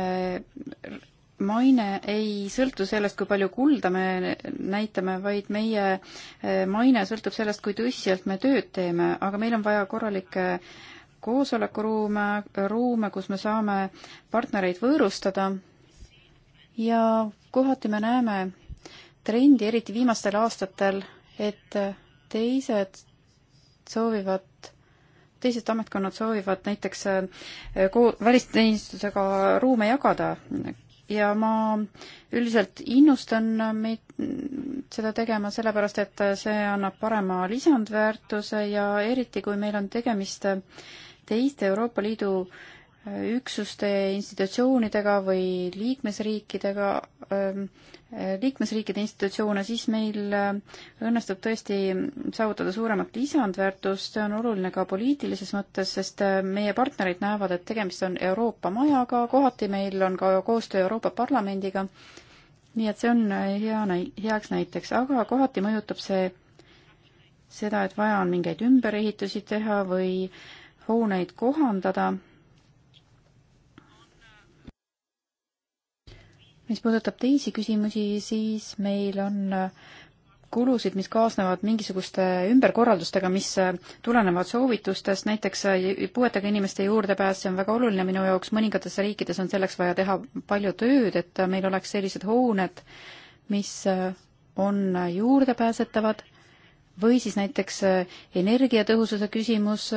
maine ei sõltu sellest, kui palju kulda me näitame, vaid meie eh, maine sõltub sellest, kui tõsiselt me tööd teeme, aga meil on vaja korralikke koosolekuruume, ruume, kus me saame partnereid võõrustada ja kohati me näeme trendi, eriti viimastel aastatel, et teised soovivad teised ametkonnad soovivad näiteks eh, välisteenistusega ruume jagada ja ma üldiselt innustan meid seda tegema, sellepärast et see annab parema lisandväärtuse ja eriti, kui meil on tegemist teiste Euroopa Liidu äh, üksuste institutsioonidega või liikmesriikidega, ähm, liikmesriikide institutsioone, siis meil äh, õnnestub tõesti saavutada suuremat lisandväärtust, see on oluline ka poliitilises mõttes, sest äh, meie partnerid näevad, et tegemist on Euroopa majaga, kohati meil on ka koostöö Euroopa Parlamendiga, nii et see on äh, hea näi-, heaks näiteks, aga kohati mõjutab see seda, et vaja on mingeid ümberehitusi teha või hooneid kohandada mis puudutab teisi küsimusi, siis meil on äh, kulusid, mis kaasnevad mingisuguste ümberkorraldustega, mis äh, tulenevad soovitustest, näiteks äh, puuetega inimeste juurdepääs, see on väga oluline minu jaoks, mõningates riikides on selleks vaja teha palju tööd, et meil oleks sellised hooned, mis on juurdepääsetavad, või siis näiteks energiatõhususe küsimus,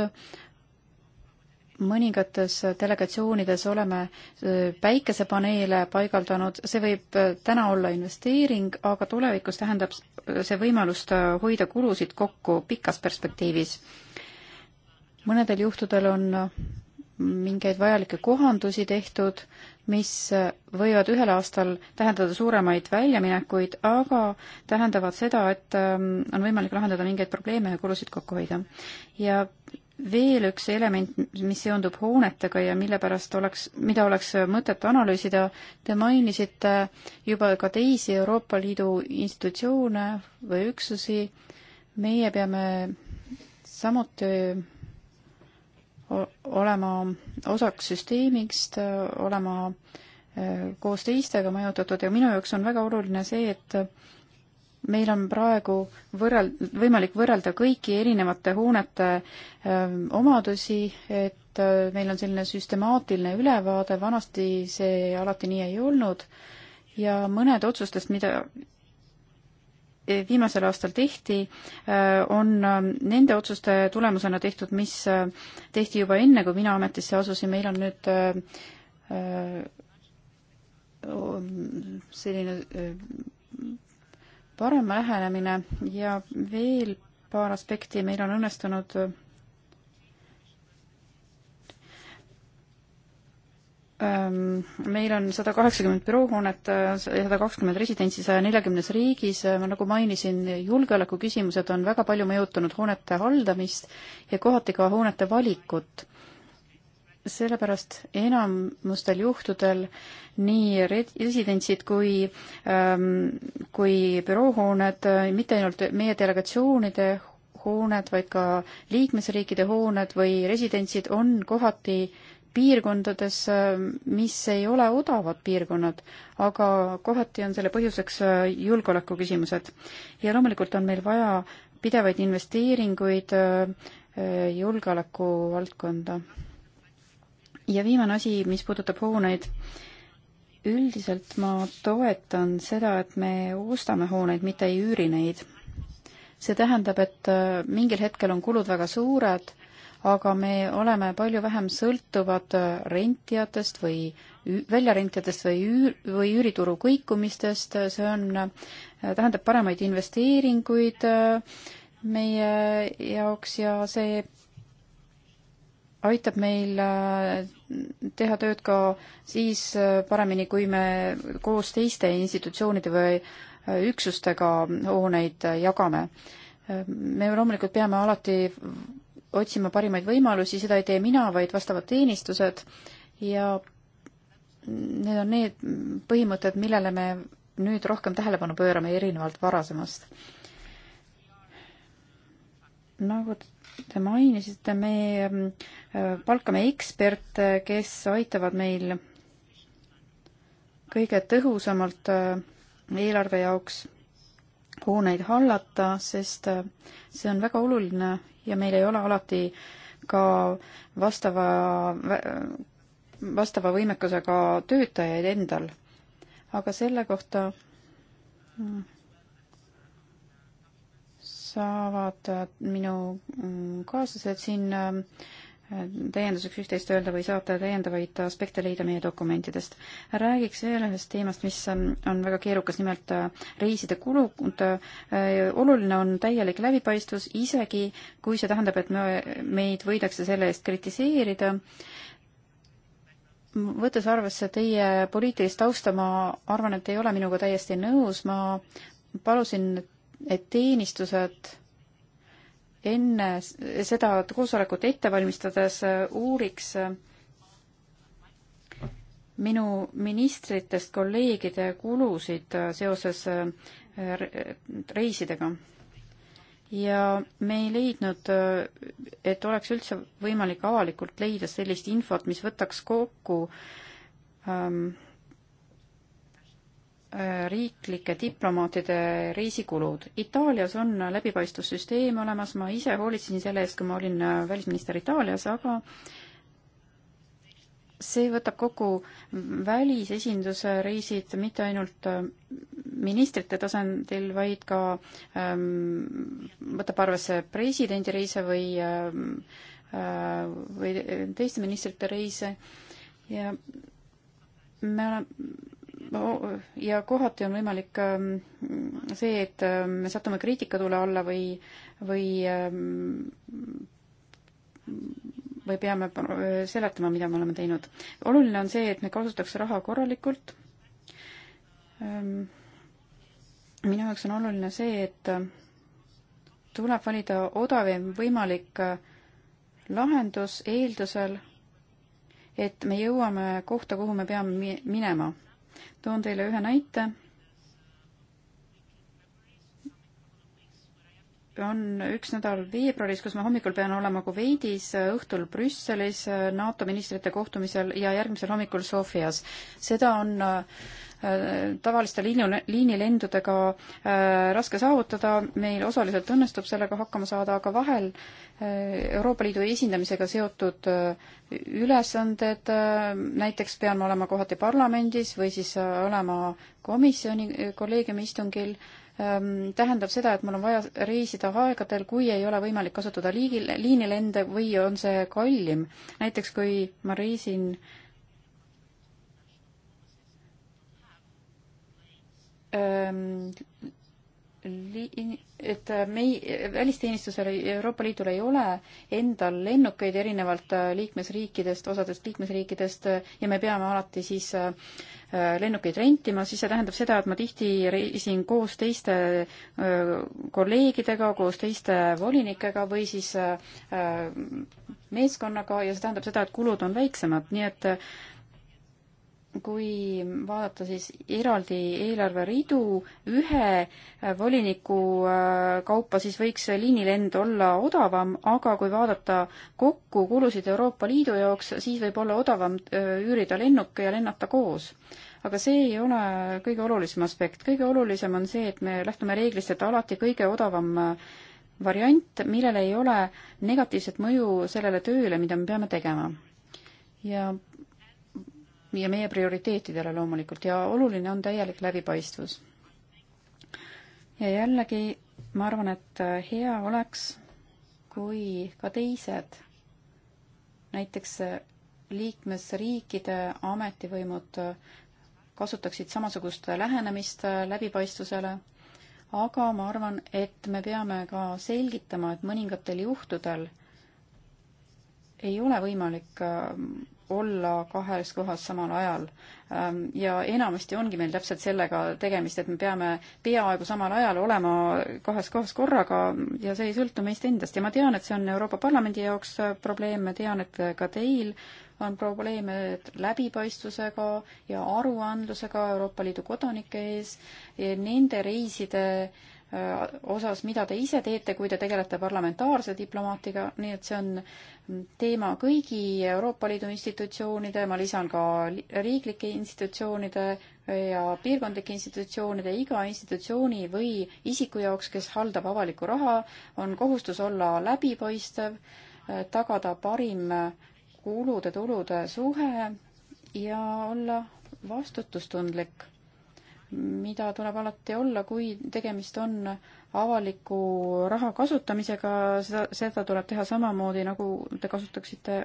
mõningates delegatsioonides oleme päikesepaneele paigaldanud, see võib täna olla investeering, aga tulevikus tähendab see võimalust hoida kulusid kokku pikas perspektiivis. mõnedel juhtudel on mingeid vajalikke kohandusi tehtud, mis võivad ühel aastal tähendada suuremaid väljaminekuid, aga tähendavad seda, et on võimalik lahendada mingeid probleeme ja kulusid kokku hoida. ja veel üks element, mis seondub hoonetega ja mille pärast oleks, mida oleks mõtet analüüsida, te mainisite juba ka teisi Euroopa Liidu institutsioone või üksusi, meie peame samuti olema osaks süsteemist, olema eh, koos teistega mõjutatud ja minu jaoks on väga oluline see, et meil on praegu võrreld-, võimalik võrrelda kõiki erinevate hoonete öö, ähm, omadusi, et öö, äh, meil on selline süstemaatiline ülevaade, vanasti see alati nii ei olnud ja mõned otsustest, mida e, viimasel aastal tehti, äh, on ähm, nende otsuste tulemusena tehtud, mis äh, tehti juba enne, kui mina ametisse asusin, meil on nüüd öö, selline parem lähenemine ja veel paar aspekti meil on õnnestunud meil on sada kaheksakümmend büroohoonet, sada kakskümmend residentsi saja neljakümnes riigis, ma nagu mainisin, julgeolekuküsimused on väga palju mõjutanud hoonete haldamist ja kohati ka hoonete valikut sellepärast enamustel juhtudel nii residentsid kui ähm,, kui büroohooned, mitte ainult meie delegatsioonide hooned, vaid ka liikmesriikide hooned või residentsid on kohati piirkondades, ähm, mis ei ole odavad piirkonnad, aga kohati on selle põhjuseks äh, julgeolekuküsimused. ja loomulikult on meil vaja pidevaid investeeringuid äh, äh, julgeoleku valdkonda ja viimane asi, mis puudutab hooneid. üldiselt ma toetan seda, et me ostame hooneid, mitte ei üüri neid. see tähendab, et äh, mingil hetkel on kulud väga suured, aga me oleme palju vähem sõltuvad äh, rentijatest või väljarentijatest või üür, või üürituru kõikumistest, see on, äh, tähendab paremaid investeeringuid meie jaoks ja see aitab meil äh, teha tööd ka siis äh, paremini, kui me koos teiste institutsioonide või äh, üksustega hooneid jagame. me loomulikult peame alati otsima parimaid võimalusi, seda ei tee mina, vaid vastavad teenistused ja need on need põhimõtted, millele me nüüd rohkem tähelepanu pöörame erinevalt varasemast. nagu Te mainisite, me mm, äh, palkame eksperte, kes aitavad meil kõige tõhusamalt äh, eelarve jaoks hooneid hallata, sest äh, see on väga oluline ja meil ei ole alati ka vastava, vastava võimekusega töötajaid endal. aga selle kohta mm, saavad äh, minu mm, kaaslased siin äh, täienduseks üht-teist öelda või saate täiendavaid aspekte leida meie dokumentidest. räägiks veel ühest teemast, mis ähm, on väga keerukas, nimelt äh, reiside kulud. oluline on täielik läbipaistvus, isegi kui see tähendab, et me, meid võidakse selle eest kritiseerida võttes arvesse teie poliitilist tausta, ma arvan, et ei ole minuga täiesti nõus, ma palusin et teenistused enne seda koosolekut ette valmistades äh, uuriks äh, minu ministritest kolleegide kulusid äh, seoses reisidega. ja me ei leidnud, et oleks üldse võimalik avalikult leida sellist infot, mis võtaks kokku ähm, Äh, riiklike diplomaatide reisikulud. Itaalias on läbipaistvussüsteem olemas, ma ise hoolitsesin selle eest, kui ma olin äh, välisminister Itaalias, aga see võtab kokku välisesinduse reisid mitte ainult äh, ministrite tasandil, vaid ka ähm, võtab arvesse presidendi reise või ähm, äh,, või teiste ministrite reise ja me oleme ja kohati on võimalik ähm, see, et ähm, me satume kriitikatule alla või, või ähm, või peame äh, seletama, mida me oleme teinud. oluline on see, et me kasutaks raha korralikult. minu jaoks on oluline see, et äh, tuleb valida odavim võimalik äh, lahendus eeldusel, et me jõuame kohta, kuhu me peame minema toon teile ühe näite. on üks nädal veebruaris, kus ma hommikul pean olema Kuveidis, õhtul Brüsselis NATO ministrite kohtumisel ja järgmisel hommikul Sofias. seda on tavaliste liinu, liinilendudega äh, raske saavutada, meil osaliselt õnnestub sellega hakkama saada, aga vahel äh, Euroopa Liidu esindamisega seotud äh, ülesanded, näiteks pean ma olema kohati parlamendis või siis olema komisjoni kolleegiumi istungil, ähm, tähendab seda, et mul on vaja reisida aegadel, kui ei ole võimalik kasutada liigi, liinilende või on see kallim. näiteks kui ma reisin äh, et äh, mei-, välisteenistusel Euroopa Liidul ei ole endal lennukeid erinevalt äh, liikmesriikidest, osadest liikmesriikidest äh, ja me peame alati siis lennukeid rentima, siis see tähendab seda, et ma tihti reisin koos teiste kolleegidega, koos teiste volinikega või siis meeskonnaga ja see tähendab seda, et kulud on väiksemad, nii et kui vaadata siis eraldi eelarveridu ühe äh, voliniku äh, kaupa, siis võiks liinilend olla odavam, aga kui vaadata kokku kulusid Euroopa Liidu jaoks, siis võib olla odavam äh, üürida lennuk ja lennata koos. aga see ei ole kõige olulisem aspekt, kõige olulisem on see, et me lähtume reeglist, et alati kõige odavam variant, millel ei ole negatiivset mõju sellele tööle, mida me peame tegema. ja ja meie prioriteetidele loomulikult ja oluline on täielik läbipaistvus. ja jällegi, ma arvan, et äh, hea oleks, kui ka teised, näiteks äh, liikmesriikide ametivõimud äh, kasutaksid samasugust lähenemist läbipaistvusele, aga ma arvan, et me peame ka selgitama, et mõningatel juhtudel ei ole võimalik olla kahes kohas samal ajal. Ähm, ja enamasti ongi meil täpselt sellega tegemist, et me peame peaaegu samal ajal olema kahes kohas korraga ja see ei sõltu meist endast ja ma tean, et see on Euroopa Parlamendi jaoks äh, probleem, ma tean, et äh, ka teil on probleeme läbipaistvusega ja aruandlusega Euroopa Liidu kodanike ees, nende reiside äh, osas, mida te ise teete, kui te tegelete parlamentaarse diplomaatiga, nii et see on teema kõigi Euroopa Liidu institutsioonide, ma lisan ka riiklike institutsioonide ja piirkondlike institutsioonide, iga institutsiooni või isiku jaoks, kes haldab avalikku raha, on kohustus olla läbipaistev, tagada parim kulude-tulude suhe ja olla vastutustundlik mida tuleb alati olla, kui tegemist on avaliku raha kasutamisega, seda, seda tuleb teha samamoodi, nagu te kasutaksite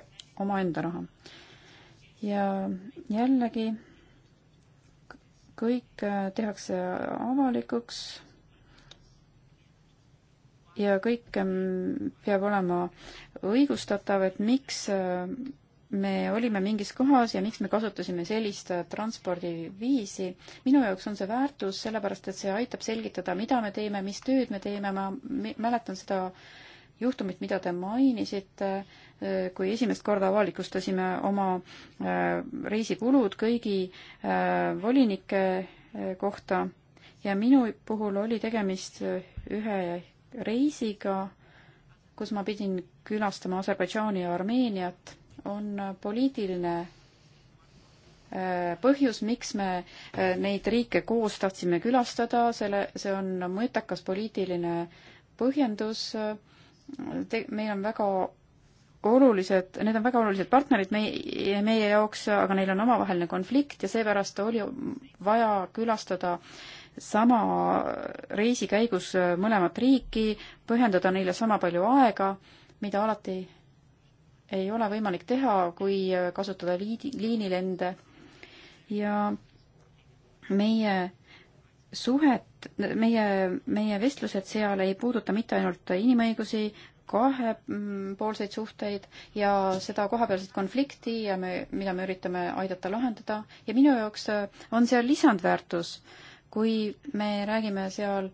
omaenda raha. ja jällegi, kõik tehakse avalikuks ja kõik peab olema õigustatav, et miks me olime mingis kohas ja miks me kasutasime sellist transpordiviisi. minu jaoks on see väärtus, sellepärast et see aitab selgitada, mida me teeme, mis tööd me teeme, ma mäletan seda juhtumit, mida te mainisite, kui esimest korda avalikustasime oma äh, reisikulud kõigi äh, volinike äh, kohta ja minu puhul oli tegemist ühe reisiga, kus ma pidin külastama Aserbaidžaani ja Armeeniat on poliitiline äh, põhjus, miks me äh, neid riike koos tahtsime külastada, selle, see on mõõtakas poliitiline põhjendus. meil on väga olulised, need on väga olulised partnerid meie, meie jaoks, aga neil on omavaheline konflikt ja seepärast oli vaja külastada sama reisi käigus mõlemat riiki, pühendada neile sama palju aega, mida alati ei ole võimalik teha, kui kasutada liidi, liinilende ja meie suhet, meie, meie vestlused seal ei puuduta mitte ainult inimõigusi, kahepoolseid suhteid ja seda kohapealset konflikti ja me, mida me üritame aidata lahendada ja minu jaoks on seal lisandväärtus, kui me räägime seal,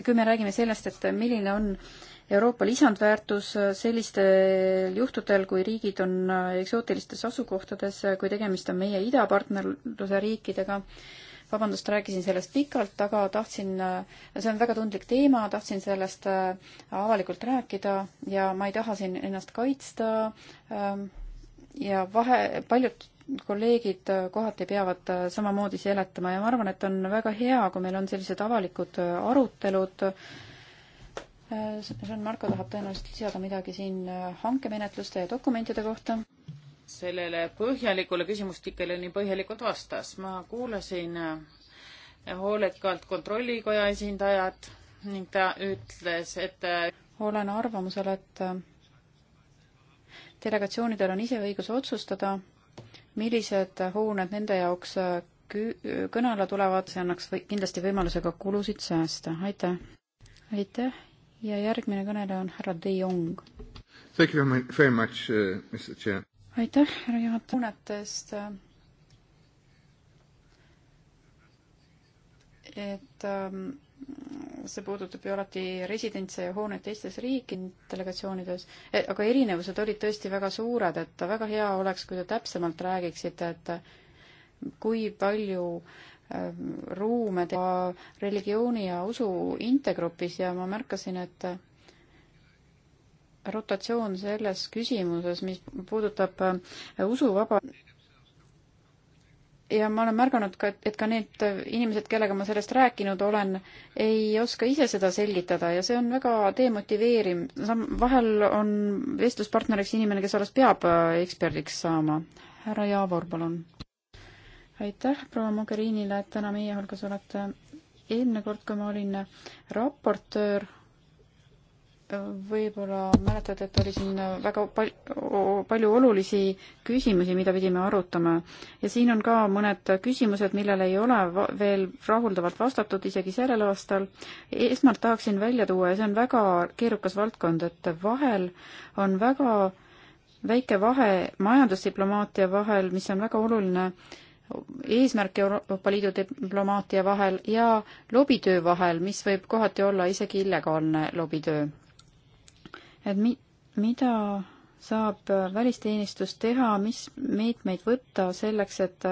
kui me räägime sellest, et milline on äh, Euroopa lisandväärtus äh, sellistel juhtudel, kui riigid on äh, eksootilistes asukohtades, äh, kui tegemist on meie idapartnerluse riikidega, vabandust, rääkisin sellest pikalt, aga tahtsin, see on väga tundlik teema, tahtsin sellest avalikult rääkida ja ma ei taha siin ennast kaitsta ähm, ja vahe, paljud kolleegid kohati peavad samamoodi seletama ja ma arvan, et on väga hea, kui meil on sellised avalikud arutelud äh, Jean-Marco tahab tõenäoliselt lisada midagi siin äh, hankemenetluste ja dokumentide kohta. sellele põhjalikule küsimustikele nii põhjalikult vastas. ma kuulasin äh, hoolekalt Kontrollikoja esindajat ning ta ütles, et äh, olen arvamusel, et delegatsioonidel on ise õigus otsustada, millised hooned nende jaoks kõne alla tulevad, see annaks või kindlasti võimaluse ka kulusid säästa. aitäh! aitäh ja järgmine kõneleja on härra De Jong. Thank you very much uh,, Mr Chair. aitäh, härra juhataja, tunnetest, äh, et um, see puudutab ju alati residentse ja hooneid teistes riikides, delegatsioonides, e, aga erinevused olid tõesti väga suured, et väga hea oleks, kui te täpsemalt räägiksite, et kui palju äh, Ähm, ruume teha religiooni ja usu intergrupis ja ma märkasin, et rotatsioon selles küsimuses, mis puudutab äh, usuvaba ja ma olen märganud ka, et ka need inimesed, kellega ma sellest rääkinud olen, ei oska ise seda selgitada ja see on väga demotiveeriv. vahel on vestluspartneriks inimene, kes alles peab äh, eksperdiks saama. härra Jaavor, palun aitäh proua Mogherinile, et täna meie hulgas olete. eelmine kord, kui ma olin raportöör, võib-olla mäletate, et oli siin väga pal-, palju olulisi küsimusi, mida pidime arutama. ja siin on ka mõned küsimused, millele ei ole veel rahuldavalt vastatud, isegi sellel aastal. esmalt tahaksin välja tuua ja see on väga keerukas valdkond, et vahel on väga väike vahe majandusdiplomaatia vahel, mis on väga oluline äh, eesmärk Euroopa Liidu diplomaatia vahel ja lobitöö vahel, mis võib kohati olla isegi illegaalne lobitöö. et mi-, mida saab välisteenistus teha, mis meetmeid võtta selleks, et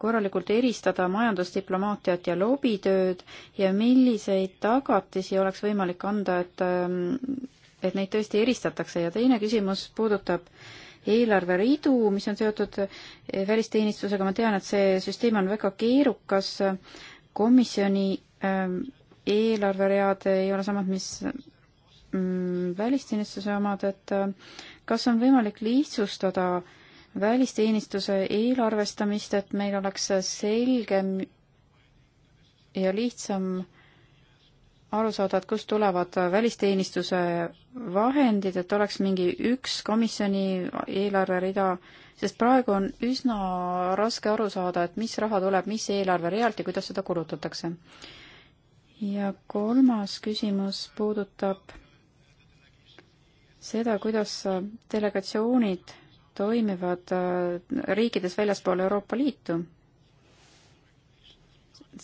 korralikult eristada majandusdiplomaatiat ja lobitööd ja milliseid tagatisi oleks võimalik anda, et et neid tõesti eristatakse ja teine küsimus puudutab äh, eelarveridu, mis on seotud eh, välisteenistusega, ma tean, et see süsteem on väga keerukas, komisjoni ähm, eelarveread ei ole samad, mis mm, välisteenistuse omad, et äh, kas on võimalik lihtsustada välisteenistuse eelarvestamist, et meil oleks selgem ja lihtsam äh, aru saada, et kust tulevad välisteenistuse vahendid, et oleks mingi üks komisjoni eelarverida, sest praegu on üsna raske aru saada, et mis raha tuleb, mis eelarverealt ja kuidas seda kulutatakse. ja kolmas küsimus puudutab seda, kuidas delegatsioonid toimivad äh, riikides väljaspool Euroopa Liitu.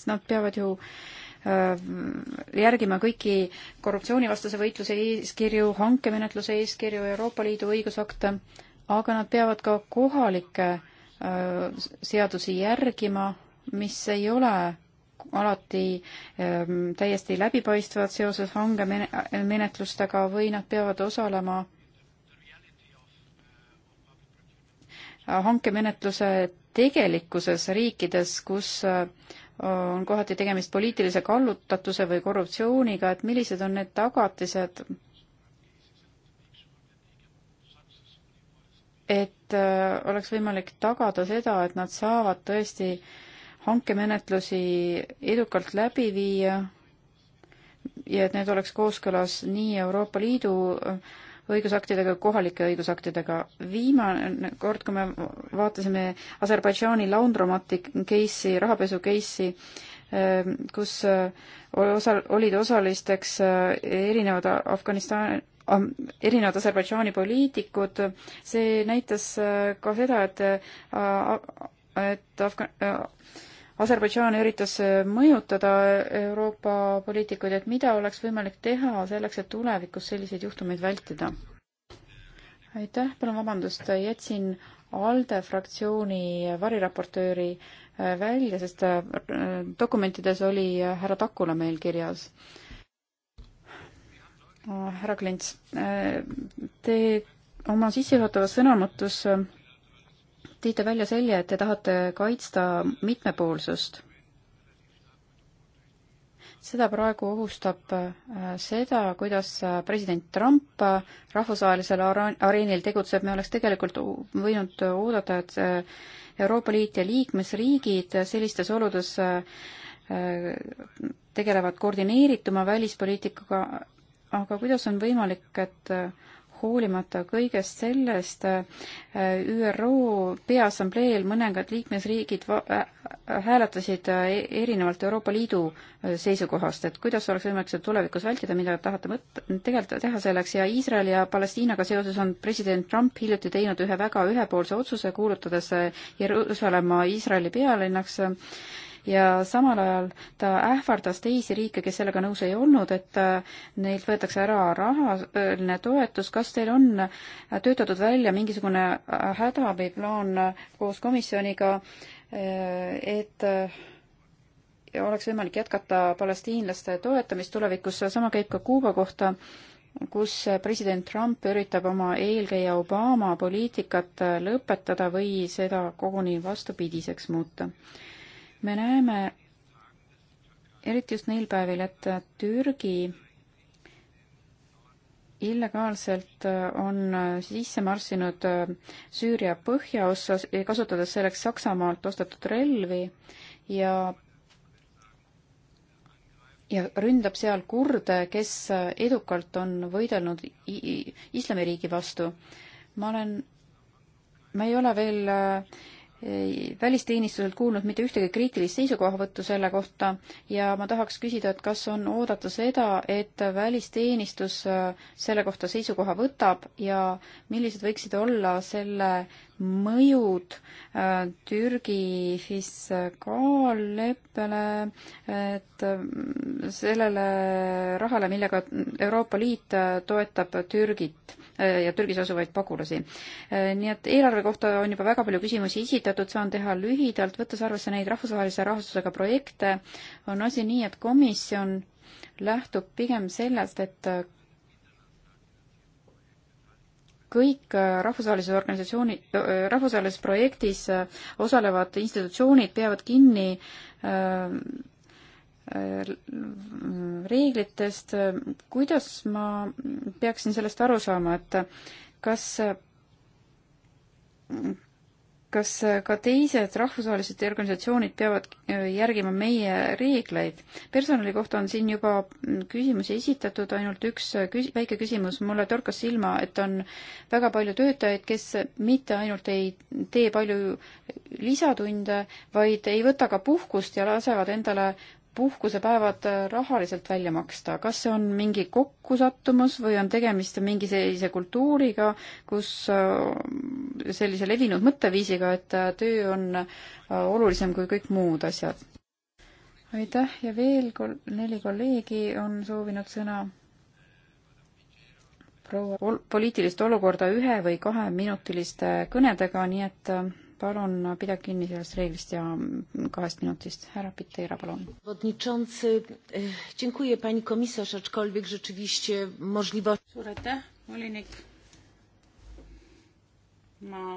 Nad peavad ju äh, järgima kõiki korruptsioonivastase võitluse eeskirju, hankemenetluse eeskirju, Euroopa Liidu õigusakte, aga nad peavad ka kohalikke seadusi järgima, mis ei ole alati täiesti läbipaistvad seoses hangemenetlustega või nad peavad osalema hankemenetluse tegelikkuses riikides, kus on kohati tegemist poliitilise kallutatuse või korruptsiooniga, et millised on need tagatised, et äh, oleks võimalik tagada seda, et nad saavad tõesti hankemenetlusi edukalt läbi viia ja et need oleks kooskõlas nii Euroopa Liidu äh, õigusaktidega, kohalike õigusaktidega. viimane kord, kui me vaatasime Aserbaidžaani laundromati case'i, rahapesu case'i, ähm, kus äh, osa, olid osalisteks äh, erinevad Afganistan, äh, erinevad Aserbaidžaani poliitikud, see näitas ka seda, et et Afga-, Aserbaidžaan üritas mõjutada Euroopa poliitikuid, et mida oleks võimalik teha selleks, et tulevikus selliseid juhtumeid vältida? aitäh, palun vabandust, jätsin ALDE fraktsiooni variraportööri äh, välja, sest äh, dokumentides oli äh, härra Takula meil kirjas härra Klints, te oma sissejuhatavas sõnavõtus tõite välja selje, et te tahate kaitsta mitmepoolsust. seda praegu ohustab äh, seda, kuidas äh, president Trump äh, rahvusvahelisel areenil tegutseb, me oleks tegelikult võinud oodata, et Euroopa Liit ja liikmesriigid sellistes oludes tegelevad koordineerituma välispoliitikaga, aga kuidas on võimalik, et hoolimata kõigest sellest äh, ÜRO Peaassambleel mõningad liikmesriigid äh, äh, hääletasid e-, erinevalt Euroopa Liidu seisukohast, et kuidas oleks võimalik seda tulevikus vältida, mida tahate mõt-, tegelikult teha selleks ja Iisraeli ja Palestiinaga seoses on president Trump hiljuti teinud ühe väga ühepoolse otsuse, kuulutades Jeruusalemma Iisraeli pealinnaks ja samal ajal ta ähvardas teisi riike, kes sellega nõus ei olnud, et äh, neilt võetakse ära rahaline toetus. kas teil on äh, töötatud välja mingisugune äh, hädaabiplaan koos komisjoniga, et oleks võimalik jätkata palestiinlaste toetamist tulevikus, sama käib ka Kuuba kohta, kus president Trump üritab oma eelkäija Obama poliitikat lõpetada või seda koguni vastupidiseks muuta me näeme eriti just neil päevil, et Türgi illegaalselt on sisse marssinud Süüria põhjaossa, kasutades selleks Saksamaalt ostetud relvi ja ja ründab seal kurde, kes edukalt on võidelnud islamiriigi vastu. ma olen, ma ei ole veel äh, välisteenistuselt kuulnud mitte ühtegi kriitilist seisukohavõttu selle kohta ja ma tahaks küsida, et kas on oodata seda, et välisteenistus äh, selle kohta seisukoha võtab ja millised võiksid olla selle mõjud äh, Türgi fiskaalleppele, et äh, sellele rahale, millega Euroopa Liit äh, toetab Türgit ja Türgis asuvaid pagulasi. nii et eelarve kohta on juba väga palju küsimusi esitatud, saan teha lühidalt, võttes arvesse neid rahvusvahelise rahastusega projekte, on asi nii, et komisjon lähtub pigem sellest, et kõik äh, rahvusvahelises organisatsiooni, äh, rahvusvahelises projektis äh, osalevad institutsioonid peavad kinni reeglitest, kuidas ma peaksin sellest aru saama, et kas kas äh, ka teised rahvusvahelised organisatsioonid peavad äh, järgima meie reegleid? personali kohta on siin juba mm, küsimusi esitatud, ainult üks äh, küs-, väike küsimus, mulle torkas silma, et on väga palju töötajaid, kes mitte ainult ei tee palju lisatunde, vaid ei võta ka puhkust ja lasevad endale puhkusepäevad äh, rahaliselt välja maksta, kas see on mingi kokkusattumus või on tegemist mingi sellise kultuuriga, kus äh, sellise levinud mõtteviisiga, et äh, töö on olulisem kui kõik muud asjad? aitäh ja veel kol-, neli kolleegi on soovinud sõna. proua, poliitilist olukorda ühe või kaheminutiliste kõnedega, nii et palun pidage kinni sellest reeglist ja kahest minutist. härra Piteira, palun. E, suur aitäh, volinik. ma,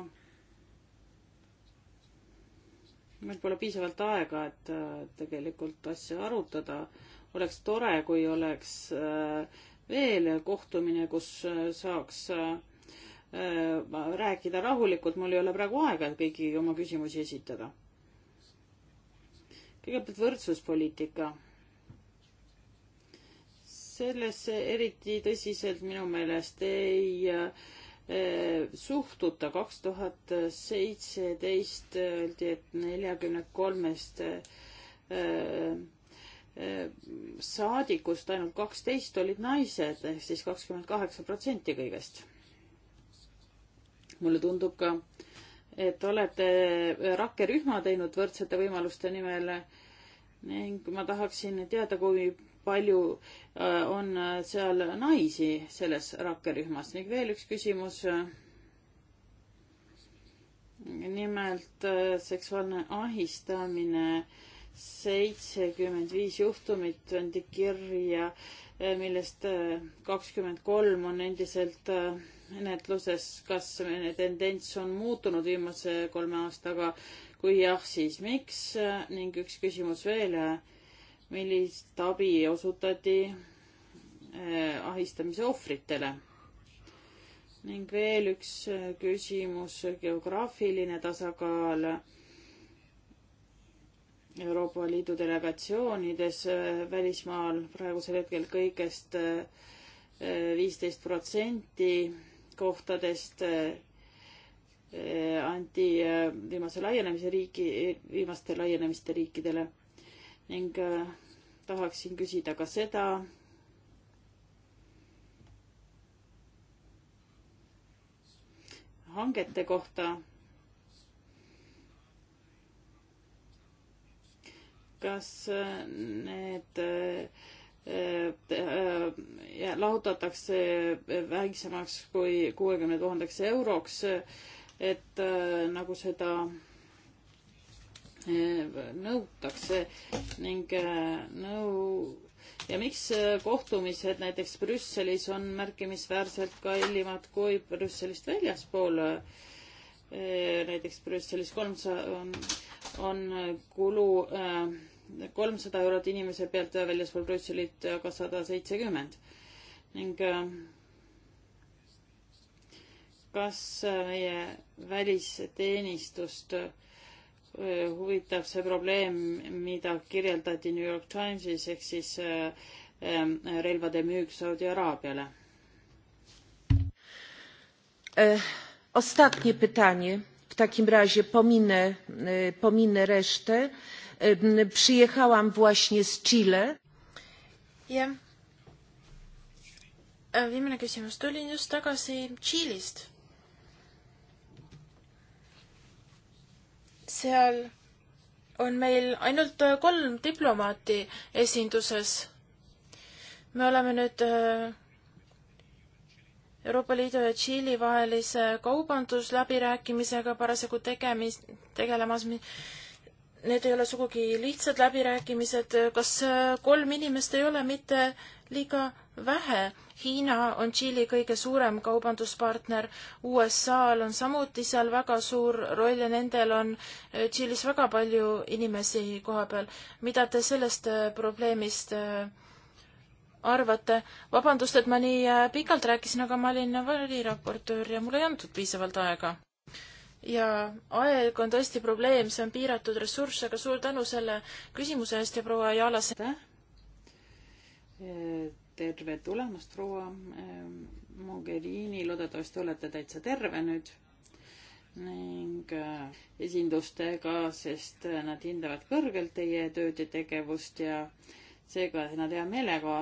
meil pole piisavalt aega, et e, tegelikult asja arutada. oleks tore, kui oleks e, veel kohtumine, kus saaks Äh, rääkida rahulikult, mul ei ole praegu aega, et kõiki oma küsimusi esitada. kõigepealt võrdsuspoliitika. sellesse eriti tõsiselt minu meelest ei äh, suhtuta. kaks tuhat seitseteist öeldi, et neljakümne kolmest äh, saadikust ainult kaksteist olid naised ehk siis kakskümmend kaheksa protsenti kõigest mulle tundub ka, et olete rakkerühma teinud võrdsete võimaluste nimel ning ma tahaksin teada, kui palju äh, on äh, seal naisi selles rakkerühmas ning veel üks küsimus. nimelt äh, seksuaalne ahistamine, seitsekümmend viis juhtumit pandi kirja, millest kakskümmend kolm on endiselt menetluses, kas tendents on muutunud viimase kolme aastaga, kui jah, siis miks ning üks küsimus veel, millist abi osutati eh, ahistamise ohvritele? ning veel üks eh, küsimus, geograafiline tasakaal Euroopa Liidu delegatsioonides eh, välismaal praegusel hetkel kõigest eh, viisteist protsenti kohtadest eh, anti eh, viimase laienemise riigi, viimaste laienemiste riikidele ning eh, tahaksin küsida ka seda, hangete kohta. kas need äh, Äh, lahutatakse väiksemaks kui kuuekümne tuhandeks euroks, et äh, nagu seda äh, nõutakse ning nõu ja miks kohtumised näiteks Brüsselis on märkimisväärselt kallimad kui Brüsselist väljaspool? näiteks Brüsselis kolmsada on, on kulu kolmsada eurot inimese pealt väljaspool Brüsselit aga sada seitsekümmend ning äh, kas äh, meie välisteenistust äh, huvitab see probleem, mida kirjeldati New York Timesis ehk siis ähm, relvade müük Saudi Araabiale? E, ostatnie pytanie, w takim razie pominę, e, pominę resztę Przyjechałam właśnie z Chile. jah, viimane küsimus, tulin just tagasi Tšiilist. seal on meil ainult äh, kolm diplomaati esinduses. me oleme nüüd äh, Euroopa Liidu ja Tšiili vahelise kaubandusläbirääkimisega parasjagu tegemis, tegelemas, Need ei ole sugugi lihtsad läbirääkimised, kas äh, kolm inimest ei ole mitte liiga vähe? Hiina on Tšiili kõige suurem kaubanduspartner, USA-l on samuti seal väga suur roll ja nendel on äh, Tšiilis väga palju inimesi koha peal. mida te sellest äh, probleemist arvate? vabandust, et ma nii pikalt rääkisin, aga ma olin valiraportöör ja mul ei antud piisavalt aega ja aeg on tõesti probleem, see on piiratud ressurss, aga suur tänu selle küsimuse eest ja proua Jaalas. terve tulemast, proua ehm, Mogherini, loodetavasti olete täitsa terve nüüd ning äh, esindustega, sest äh, nad hindavad kõrgelt teie tööd ja tegevust ja seega nad hea meelega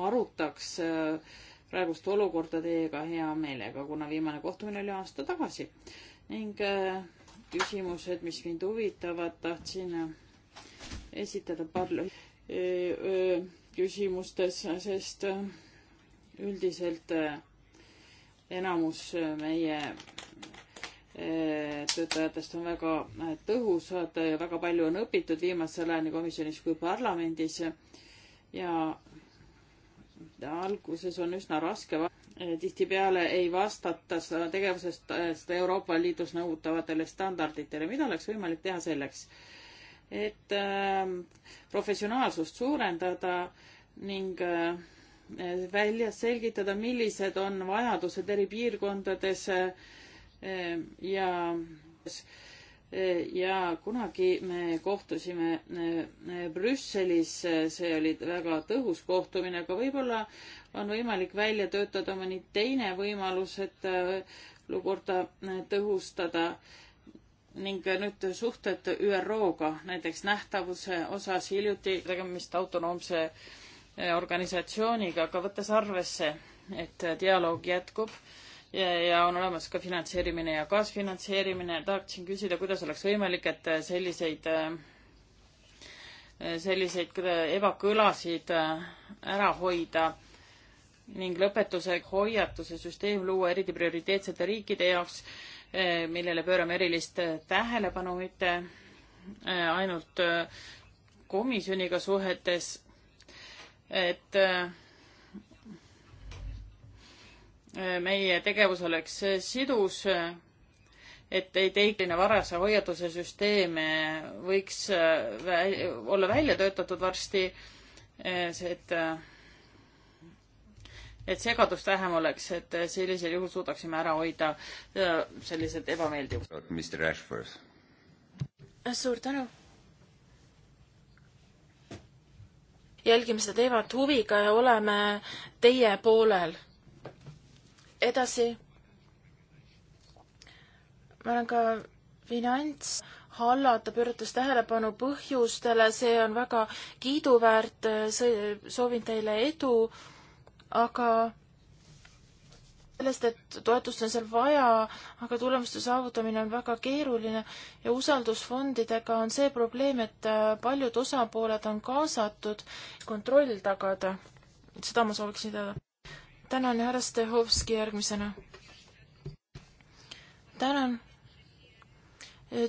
arutaks äh, praegust olukorda teiega hea meelega, kuna viimane kohtumine oli aasta tagasi ning äh, küsimused, mis mind huvitavad, tahtsin äh, esitada paar e, küsimustes, sest äh, üldiselt enamus meie töötajatest on väga tõhusad ja väga palju on õpitud viimasel ajal nii komisjonis kui parlamendis ja alguses on üsna raske Eh, tihtipeale ei vastata seda tegevusest eh, seda Euroopa Liidus nõutavatele standarditele. mida oleks võimalik teha selleks, et eh, professionaalsust suurendada ning välja selgitada, millised on vajadused eri piirkondades ja ja kunagi me kohtusime eh, Brüsselis, eh, see oli väga tõhus kohtumine, aga võib-olla on võimalik välja töötada mõni teine võimalus, et olukorda eh, tõhustada ning nüüd suhted ÜRO-ga, näiteks nähtavuse osas hiljuti tegemist autonoomse organisatsiooniga, aga võttes arvesse, et dialoog jätkub ja on olemas ka finantseerimine ja kaasfinantseerimine. tahaksin küsida, kuidas oleks võimalik, et äh, selliseid, äh, selliseid äh, ebakõlasid ära hoida ning lõpetuse hoiatuse süsteem luua eriti prioriteetsete riikide jaoks, millele pöörame erilist tähelepanu, mitte ainult komisjoniga suhetes, et meie tegevus oleks sidus, et ei teikline varase hoiatuse süsteem võiks väl, olla välja töötatud varsti, see, et et segadust vähem oleks, et sellisel juhul suudaksime ära hoida sellised ebameeldivused. Mr Ashworth. suur tänu. jälgime seda teemat huviga ja oleme teie poolel edasi. ma olen ka finants hallata, pöörates tähelepanu põhjustele, see on väga kiiduväärt, soovin teile edu, aga sellest, et toetust on seal vaja, aga tulemuste saavutamine on väga keeruline ja usaldusfondidega on see probleem, et paljud osapooled on kaasatud, kontroll tagada. seda ma sooviksin teada tänan, härra Stehovski järgmisena. tänan.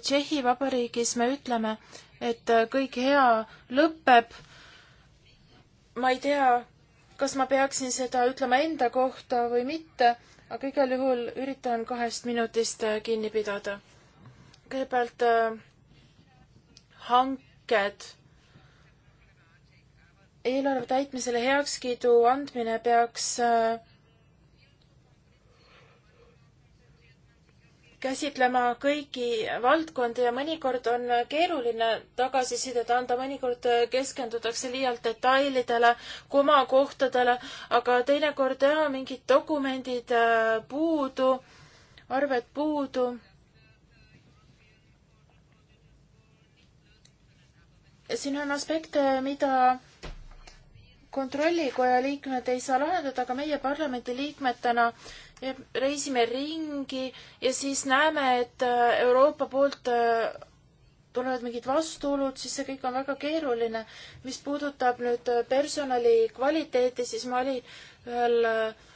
Tšehhi Vabariigis me ütleme, et kõik hea lõpeb. ma ei tea, kas ma peaksin seda ütlema enda kohta või mitte, aga igal juhul üritan kahest minutist kinni pidada. kõigepealt äh, hanked eelarve täitmisele heakskiidu andmine peaks äh, käsitlema kõiki valdkondi ja mõnikord on keeruline tagasisidet anda, mõnikord äh, keskendutakse liialt detailidele, komakohtadele, aga teinekord jah, mingid dokumendid äh, puudu, arved puudu siin on aspekte, mida kontrollikoja liikmed ei saa lahendada, aga meie parlamendi liikmetena reisime ringi ja siis näeme, et äh, Euroopa poolt äh, tulevad mingid vastuolud, siis see kõik on väga keeruline. mis puudutab nüüd äh, personali kvaliteeti, siis ma olin ühel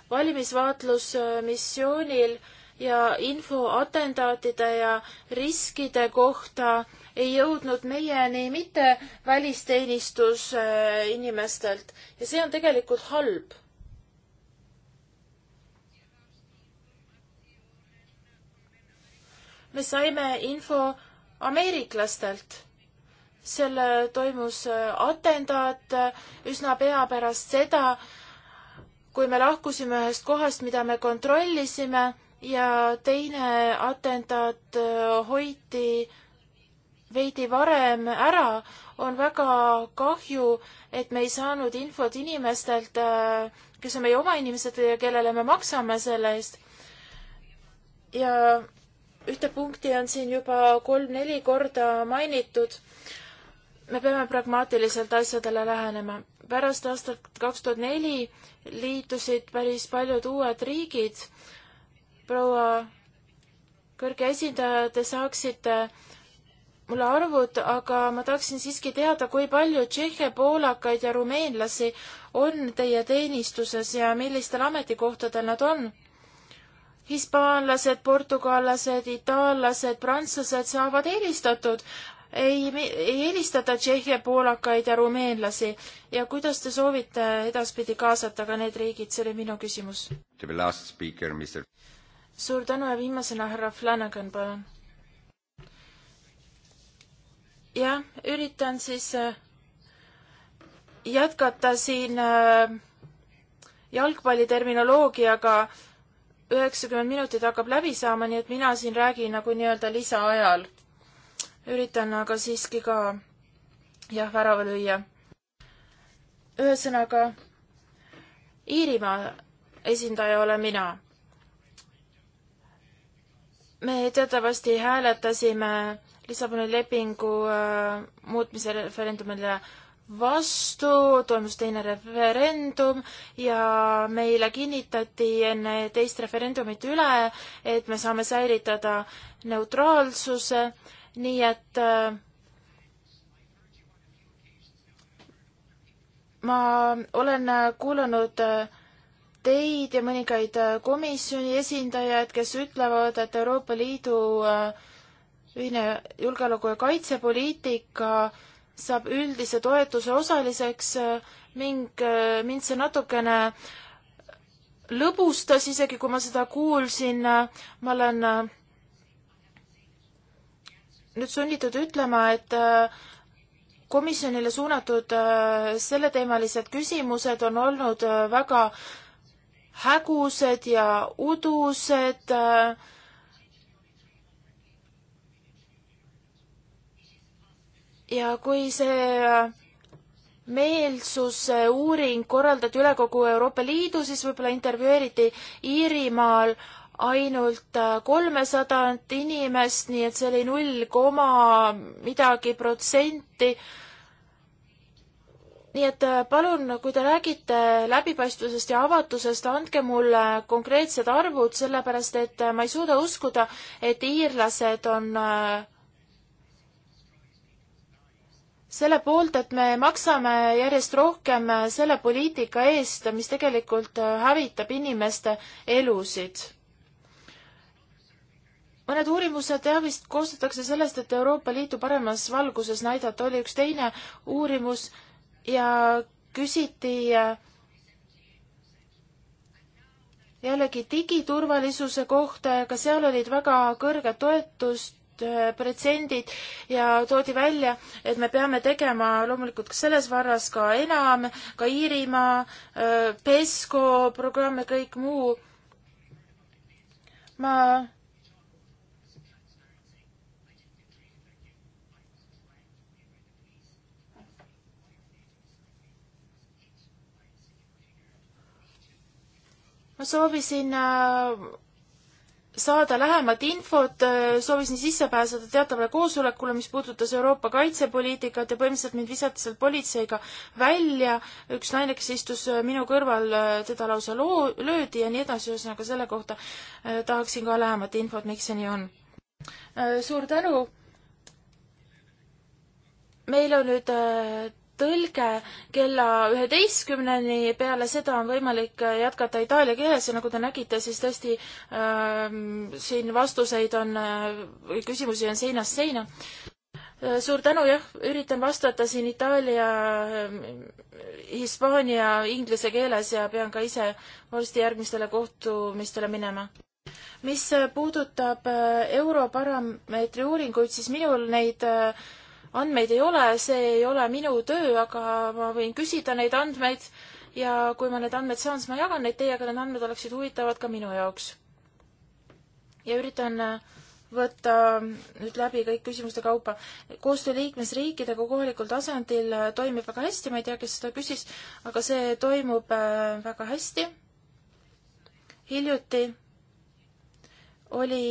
valimisvaatlusmissioonil ja info atentaatide ja riskide kohta äh, ei jõudnud meieni mitte välisteenistuse äh, inimestelt ja see on tegelikult halb. me saime info ameeriklastelt. seal toimus äh, atendaat äh, üsna pea pärast seda, kui me lahkusime ühest kohast, mida me kontrollisime ja teine atendaat hoiti veidi varem ära, on väga kahju, et me ei saanud infot inimestelt, äh, kes on meie oma inimesed ja kellele me maksame selle eest. ja ühte punkti on siin juba kolm-neli korda mainitud. me peame pragmaatiliselt asjadele lähenema. pärast aastat kaks tuhat neli liitusid päris paljud uued riigid. proua kõrge esindaja, te saaksite äh, mulle arvud, aga ma tahaksin siiski teada, kui palju Tšehhe, poolakaid ja rumeenlasi on teie teenistuses ja millistel ametikohtadel nad on? hispaanlased, portugallased, itaallased, prantslased saavad eelistatud. ei, ei eelistata Tšehhe, poolakaid ja rumeenlasi ja kuidas te soovite edaspidi kaasata ka need riigid, see oli minu küsimus. suur tänu ja viimasena härra Flanagan, palun jah, üritan siis äh, jätkata siin äh, jalgpalliterminoloogiaga. üheksakümmend minutit hakkab läbi saama, nii et mina siin räägin nagu nii-öelda lisaajal. üritan aga siiski ka jah, värava lüüa. ühesõnaga, Iirimaa esindaja olen mina. me teatavasti hääletasime Lissaboni lepingu äh, muutmise referendumile vastu, toimus teine referendum ja meile kinnitati enne teist referendumit üle, et me saame säilitada neutraalsuse, nii et äh, ma olen kuulanud äh, teid ja mõningaid komisjoni esindajaid, kes ütlevad, et Euroopa Liidu äh, ühine julgeoleku- ja kaitsepoliitika saab üldise toetuse osaliseks äh, ning äh, mind see natukene lõbustas, isegi kui ma seda kuulsin, äh, ma olen nüüd sunnitud ütlema, et komisjonile suunatud selleteemalised küsimused on olnud väga hägused ja udused äh, ja kui see äh, meelsuse äh, uuring korraldati üle kogu Euroopa Liidu, siis võib-olla intervjueeriti Iirimaal ainult äh, kolmesadat inimest, nii et see oli null koma midagi protsenti. nii et palun, kui te räägite läbipaistvusest ja avatusest, andke mulle konkreetsed arvud, sellepärast et ma ei suuda uskuda, et iirlased on äh, selle poolt, et me maksame järjest rohkem selle poliitika eest, mis tegelikult äh, hävitab inimeste elusid. mõned uurimused jah vist koostatakse sellest, et Euroopa Liitu paremas valguses näidata, oli üks teine uurimus ja küsiti äh, jällegi digiturvalisuse kohta ja ka seal olid väga kõrged toetust Äh, protsendid ja toodi välja, et me peame tegema loomulikult ka selles varras ka enam, ka Iirimaa, äh, PESCO programm ja kõik muu. ma ma soovisin äh, saada lähemat infot, äh, soovisin sisse pääseda teatavale koosolekule, mis puudutas Euroopa kaitsepoliitikat ja põhimõtteliselt mind visati sealt politseiga välja, üks naine, kes istus äh, minu kõrval, äh, teda lausa loo-, löödi ja nii edasi, ühesõnaga selle kohta tahaksin ka lähemat infot, miks see nii on. suur tänu! meil on nüüd tõlge kella üheteistkümneni, peale seda on võimalik äh, jätkata itaalia keeles ja nagu te nägite, siis tõesti äh, siin vastuseid on äh,, küsimusi on seinast seina äh,. suur tänu, jah, üritan vastata siin itaalia äh,, hispaania, inglise keeles ja pean ka ise varsti järgmistele kohtumistele minema mis äh, puudutab äh, Europarameetri uuringuid, siis minul neid äh, andmeid ei ole, see ei ole minu töö, aga ma võin küsida neid andmeid ja kui ma need andmed saan, siis ma jagan neid teiega, need andmed oleksid huvitavad ka minu jaoks. ja üritan äh, võtta äh, nüüd läbi kõik küsimuste kaupa. koostöö liikmesriikidega kohalikul tasandil äh, toimib väga hästi, ma ei tea, kes seda küsis, aga see toimub väga hästi. hiljuti oli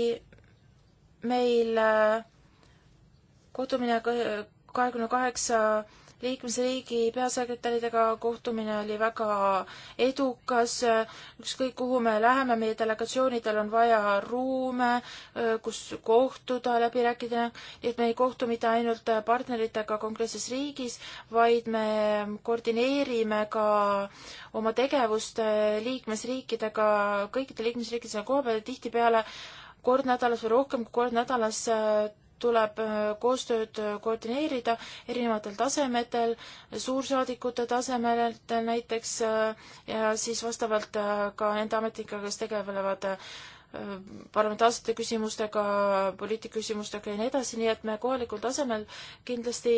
meil äh, kohtumine kahekümne kaheksa liikmesriigi peasekretäridega kohtumine oli väga edukas, ükskõik kuhu me läheme, meie delegatsioonidel on vaja ruume, kus kohtuda, läbi rääkida, nii et me ei kohtu mitte ainult partneritega konkreetses riigis, vaid me koordineerime ka oma tegevust liikmesriikidega, kõikide liikmesriikidega koha peal ja tihtipeale kord nädalas või rohkem kui kord nädalas tuleb äh, koostööd äh, koordineerida erinevatel tasemetel, suursaadikute tasemel näiteks äh, ja siis vastavalt ka nende ametnikega, kes tegelevad parlamentaarsete küsimustega, poliitikaküsimustega ja nii edasi, nii et me kohalikul tasemel kindlasti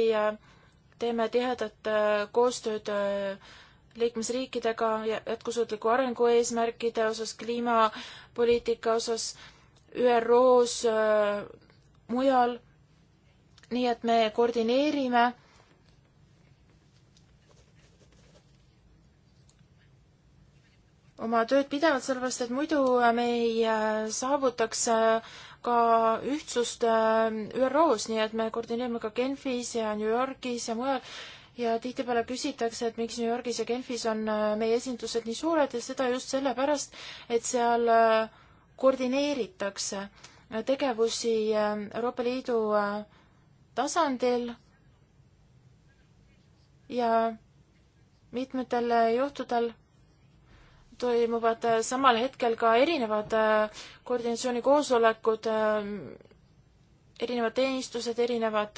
teeme tihedat koostööd liikmesriikidega jätkusuutliku arengu eesmärkide osas, kliimapoliitika osas, ÜRO-s mujal. nii et me koordineerime oma tööd pidevalt, sellepärast et muidu me ei äh, saavutaks äh, ka ühtsust äh, ÜRO-s, nii et me koordineerime ka Genfis ja New Yorgis ja mujal ja tihtipeale küsitakse, et miks New Yorgis ja Genfis on meie esindused nii suured ja seda just sellepärast, et seal koordineeritakse tegevusi äh, Euroopa Liidu äh, tasandil ja mitmetel äh, juhtudel toimuvad samal hetkel ka erinevad koordinatsioonikoosolekud, erinevad teenistused, erinevad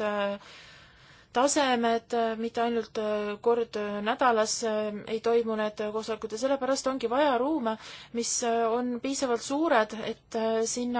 tasemed, mitte ainult kord nädalas ei toimu need koosolekud ja sellepärast ongi vaja ruume, mis on piisavalt suured, et sinna